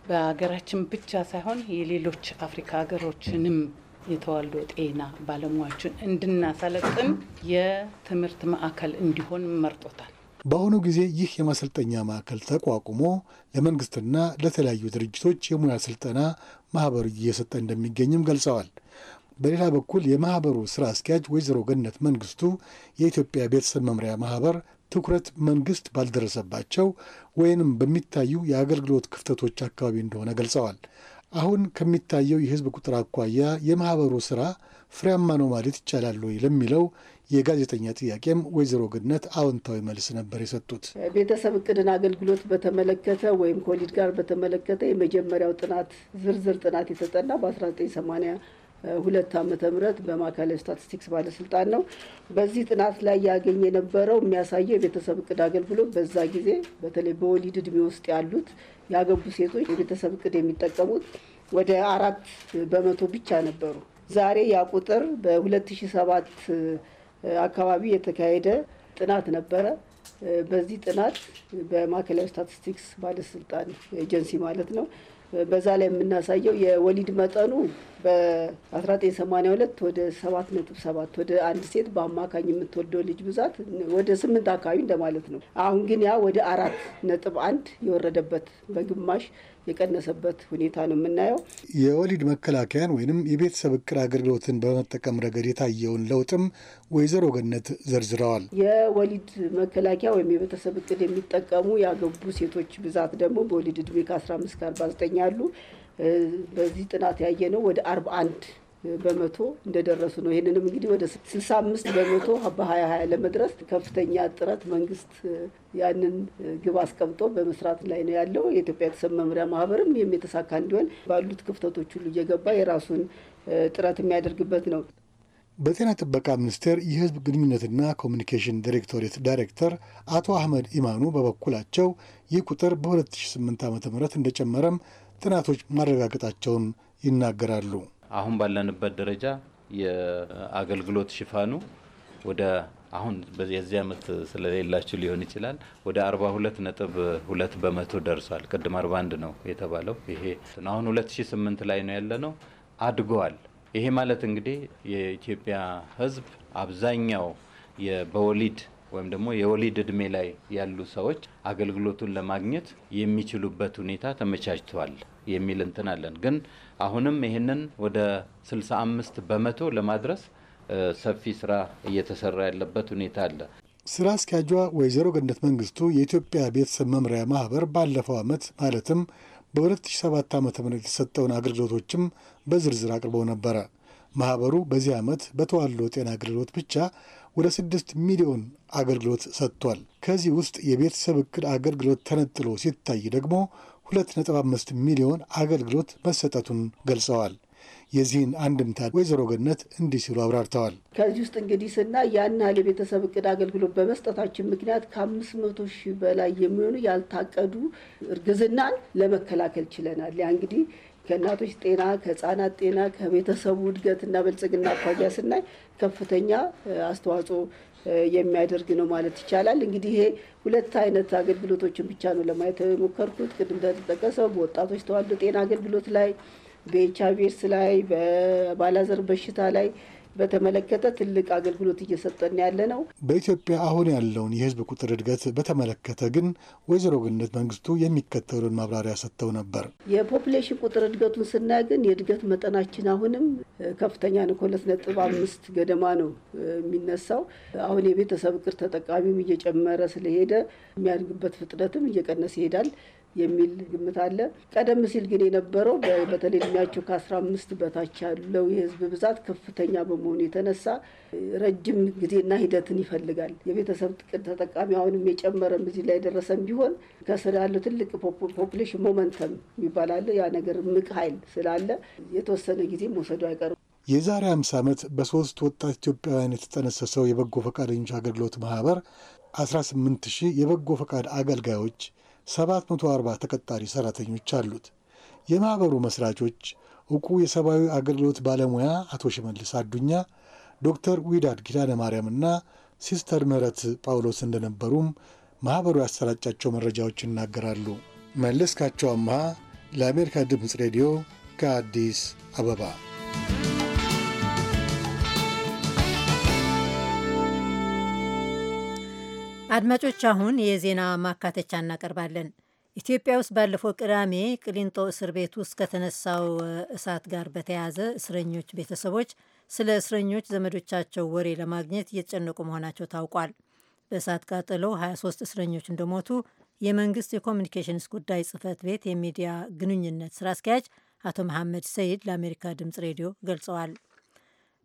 በሀገራችን ብቻ ሳይሆን የሌሎች አፍሪካ ሀገሮችንም የተዋልዶ ጤና ባለሙያዎችን እንድናሰለጥን የትምህርት ማዕከል እንዲሆን መርጦታል። በአሁኑ ጊዜ ይህ የማሰልጠኛ ማዕከል ተቋቁሞ ለመንግስትና ለተለያዩ ድርጅቶች የሙያ ስልጠና ማህበሩ እየሰጠ እንደሚገኝም ገልጸዋል። በሌላ በኩል የማህበሩ ስራ አስኪያጅ ወይዘሮ ገነት መንግስቱ የኢትዮጵያ ቤተሰብ መምሪያ ማህበር ትኩረት መንግስት ባልደረሰባቸው ወይንም በሚታዩ የአገልግሎት ክፍተቶች አካባቢ እንደሆነ ገልጸዋል። አሁን ከሚታየው የህዝብ ቁጥር አኳያ የማህበሩ ስራ ፍሬያማ ነው ማለት ይቻላል ወይ ለሚለው የጋዜጠኛ ጥያቄም ወይዘሮ ገነት አዎንታዊ መልስ ነበር የሰጡት። ቤተሰብ እቅድን አገልግሎት በተመለከተ ወይም ኮሊድ ጋር በተመለከተ የመጀመሪያው ጥናት ዝርዝር ጥናት የተጠና በ1980 ሁለት ዓመተ ምህረት በማዕከላዊ ስታቲስቲክስ ባለስልጣን ነው። በዚህ ጥናት ላይ ያገኘ የነበረው የሚያሳየው የቤተሰብ እቅድ አገልግሎት በዛ ጊዜ በተለይ በወሊድ እድሜ ውስጥ ያሉት ያገቡ ሴቶች የቤተሰብ እቅድ የሚጠቀሙት ወደ አራት በመቶ ብቻ ነበሩ። ዛሬ ያ ቁጥር በ2007 አካባቢ የተካሄደ ጥናት ነበረ። በዚህ ጥናት በማዕከላዊ ስታቲስቲክስ ባለስልጣን ኤጀንሲ ማለት ነው። በዛ ላይ የምናሳየው የወሊድ መጠኑ በ1982 ወደ 7.7 ወደ አንድ ሴት በአማካኝ የምትወልደው ልጅ ብዛት ወደ ስምንት አካባቢ እንደማለት ነው። አሁን ግን ያ ወደ አራት ነጥብ አንድ የወረደበት በግማሽ የቀነሰበት ሁኔታ ነው የምናየው። የወሊድ መከላከያን ወይንም የቤተሰብ እቅድ አገልግሎትን በመጠቀም ረገድ የታየውን ለውጥም ወይዘሮ ገነት ዘርዝረዋል። የወሊድ መከላከያ ወይም የቤተሰብ እቅድ የሚጠቀሙ ያገቡ ሴቶች ብዛት ደግሞ በወሊድ እድሜ ከ15 እስከ 49 ያሉ በዚህ ጥናት ያየነው ወደ አርባ አንድ በመቶ እንደደረሱ ነው። ይህንንም እንግዲህ ወደ 65 በመቶ በ2020 ለመድረስ ከፍተኛ ጥረት መንግስት ያንን ግብ አስቀምጦ በመስራት ላይ ነው ያለው። የኢትዮጵያ የተሰብ መምሪያ ማህበርም ይህም የተሳካ እንዲሆን ባሉት ክፍተቶች ሁሉ እየገባ የራሱን ጥረት የሚያደርግበት ነው። በጤና ጥበቃ ሚኒስቴር የህዝብ ግንኙነትና ኮሚኒኬሽን ዲሬክቶሬት ዳይሬክተር አቶ አህመድ ኢማኑ በበኩላቸው ይህ ቁጥር በ2008 ዓ ም እንደጨመረም ጥናቶች ማረጋገጣቸውን ይናገራሉ። አሁን ባለንበት ደረጃ የአገልግሎት ሽፋኑ ወደ አሁን የዚህ ዓመት ስለሌላችሁ ሊሆን ይችላል ወደ 42 ነጥብ ሁለት በመቶ ደርሷል። ቅድም 41 ነው የተባለው ይሄ አሁን 2008 ላይ ነው ያለ ነው አድገዋል። ይሄ ማለት እንግዲህ የኢትዮጵያ ሕዝብ አብዛኛው በወሊድ ወይም ደግሞ የወሊድ እድሜ ላይ ያሉ ሰዎች አገልግሎቱን ለማግኘት የሚችሉበት ሁኔታ ተመቻችተዋል። የሚል እንትን አለን። ግን አሁንም ይህንን ወደ 65 በመቶ ለማድረስ ሰፊ ስራ እየተሰራ ያለበት ሁኔታ አለ። ስራ አስኪያጇ ወይዘሮ ገነት መንግስቱ የኢትዮጵያ ቤተሰብ መምሪያ ማህበር ባለፈው ዓመት ማለትም በ2007 ዓ ም የተሰጠውን አገልግሎቶችም በዝርዝር አቅርበው ነበረ። ማህበሩ በዚህ ዓመት በተዋሎ ጤና አገልግሎት ብቻ ወደ 6 ሚሊዮን አገልግሎት ሰጥቷል። ከዚህ ውስጥ የቤተሰብ እቅድ አገልግሎት ተነጥሎ ሲታይ ደግሞ 2.5 ሚሊዮን አገልግሎት መሰጠቱን ገልጸዋል። የዚህን አንድምታ ወይዘሮ ገነት እንዲህ ሲሉ አብራርተዋል። ከዚህ ውስጥ እንግዲህ ስና ያን ያህል የቤተሰብ እቅድ አገልግሎት በመስጠታችን ምክንያት ከአምስት መቶ ሺህ በላይ የሚሆኑ ያልታቀዱ እርግዝናን ለመከላከል ችለናል። ያ እንግዲህ ከእናቶች ጤና፣ ከህፃናት ጤና፣ ከቤተሰቡ እድገትና ብልጽግና አኳያ ስናይ ከፍተኛ አስተዋጽኦ የሚያደርግ ነው ማለት ይቻላል። እንግዲህ ይሄ ሁለት አይነት አገልግሎቶችን ብቻ ነው ለማየት የሞከርኩት። ቅድም እንደተጠቀሰው በወጣቶች ተዋልዶ ጤና አገልግሎት ላይ፣ በኤች አይ ቪ ኤድስ ላይ፣ በባላዘር በሽታ ላይ በተመለከተ ትልቅ አገልግሎት እየሰጠን ያለ ነው። በኢትዮጵያ አሁን ያለውን የህዝብ ቁጥር እድገት በተመለከተ ግን ወይዘሮ ግነት መንግስቱ የሚከተሉን ማብራሪያ ሰጥተው ነበር። የፖፕሌሽን ቁጥር እድገቱን ስናይ ግን የእድገት መጠናችን አሁንም ከፍተኛ ነው። ከሁለት ነጥብ አምስት ገደማ ነው የሚነሳው። አሁን የቤተሰብ ቅር ተጠቃሚም እየጨመረ ስለሄደ የሚያድግበት ፍጥነትም እየቀነሰ ይሄዳል። የሚል ግምት አለ። ቀደም ሲል ግን የነበረው በተለይ እድሜያቸው ከአስራ አምስት በታች ያለው የህዝብ ብዛት ከፍተኛ በመሆኑ የተነሳ ረጅም ጊዜና ሂደትን ይፈልጋል። የቤተሰብ ጥቅል ተጠቃሚ አሁንም የጨመረም እዚህ ላይ የደረሰም ቢሆን ከስር ያለው ትልቅ ፖፕሌሽን ሞመንተም ይባላል። ያ ነገር ምቅ ኃይል ስላለ የተወሰነ ጊዜ መውሰዱ አይቀርም። የዛሬ 50 ዓመት በሶስት ወጣት ኢትዮጵያውያን የተጠነሰሰው የበጎ ፈቃደኞች አገልግሎት ማህበር 18 ሺህ የበጎ ፈቃድ አገልጋዮች 740 ተቀጣሪ ሰራተኞች አሉት። የማኅበሩ መስራቾች እውቁ የሰብአዊ አገልግሎት ባለሙያ አቶ ሽመልስ አዱኛ፣ ዶክተር ዊዳድ ኪዳነ ማርያምና ሲስተር ምህረት ጳውሎስ እንደነበሩም ማኅበሩ ያሰራጫቸው መረጃዎች ይናገራሉ። መለስካቸው አምሃ ለአሜሪካ ድምፅ ሬዲዮ ከአዲስ አበባ አድማጮች፣ አሁን የዜና ማካተቻ እናቀርባለን። ኢትዮጵያ ውስጥ ባለፈው ቅዳሜ ቅሊንጦ እስር ቤት ውስጥ ከተነሳው እሳት ጋር በተያያዘ እስረኞች ቤተሰቦች ስለ እስረኞች ዘመዶቻቸው ወሬ ለማግኘት እየተጨነቁ መሆናቸው ታውቋል። በእሳት ቃጠሎ 23 እስረኞች እንደሞቱ የመንግስት የኮሚኒኬሽንስ ጉዳይ ጽህፈት ቤት የሚዲያ ግንኙነት ስራ አስኪያጅ አቶ መሐመድ ሰይድ ለአሜሪካ ድምጽ ሬዲዮ ገልጸዋል።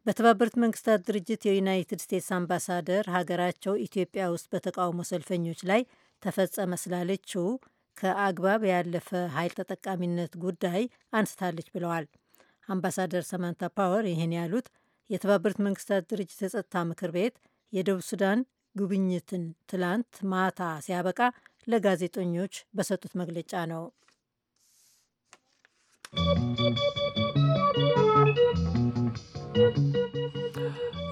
በተባበሩት መንግስታት ድርጅት የዩናይትድ ስቴትስ አምባሳደር ሀገራቸው ኢትዮጵያ ውስጥ በተቃውሞ ሰልፈኞች ላይ ተፈጸመ ስላለችው ከአግባብ ያለፈ ኃይል ተጠቃሚነት ጉዳይ አንስታለች ብለዋል። አምባሳደር ሰማንታ ፓወር ይህን ያሉት የተባበሩት መንግስታት ድርጅት የጸጥታ ምክር ቤት የደቡብ ሱዳን ጉብኝትን ትላንት ማታ ሲያበቃ ለጋዜጠኞች በሰጡት መግለጫ ነው።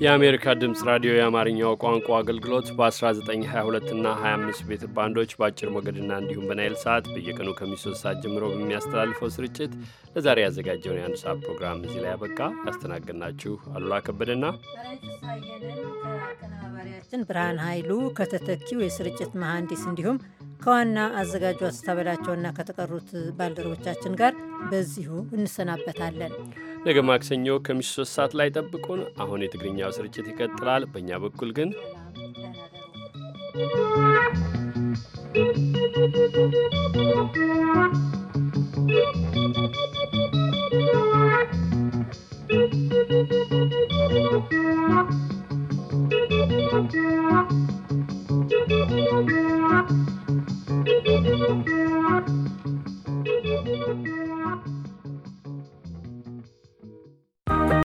የአሜሪካ ድምፅ ራዲዮ የአማርኛው ቋንቋ አገልግሎት በ1922 እና 25 ሜትር ባንዶች በአጭር ሞገድና እንዲሁም በናይል ሰዓት በየቀኑ ከሚሶስት ሰዓት ጀምሮ በሚያስተላልፈው ስርጭት ለዛሬ ያዘጋጀውን የአንድ ሰዓት ፕሮግራም እዚህ ላይ ያበቃ። ያስተናገድናችሁ አሉላ ከበደና አቀናባሪያችን ብርሃን ኃይሉ ከተተኪው የስርጭት መሐንዲስ እንዲሁም ከዋና አዘጋጁ አስተበላቸውና ከተቀሩት ባልደረቦቻችን ጋር በዚሁ እንሰናበታለን። ነገ ማክሰኞ ከምሽቱ ሶስት ሰዓት ላይ ጠብቁን። አሁን የትግርኛው ስርጭት ይቀጥላል። በእኛ በኩል ግን Thank you.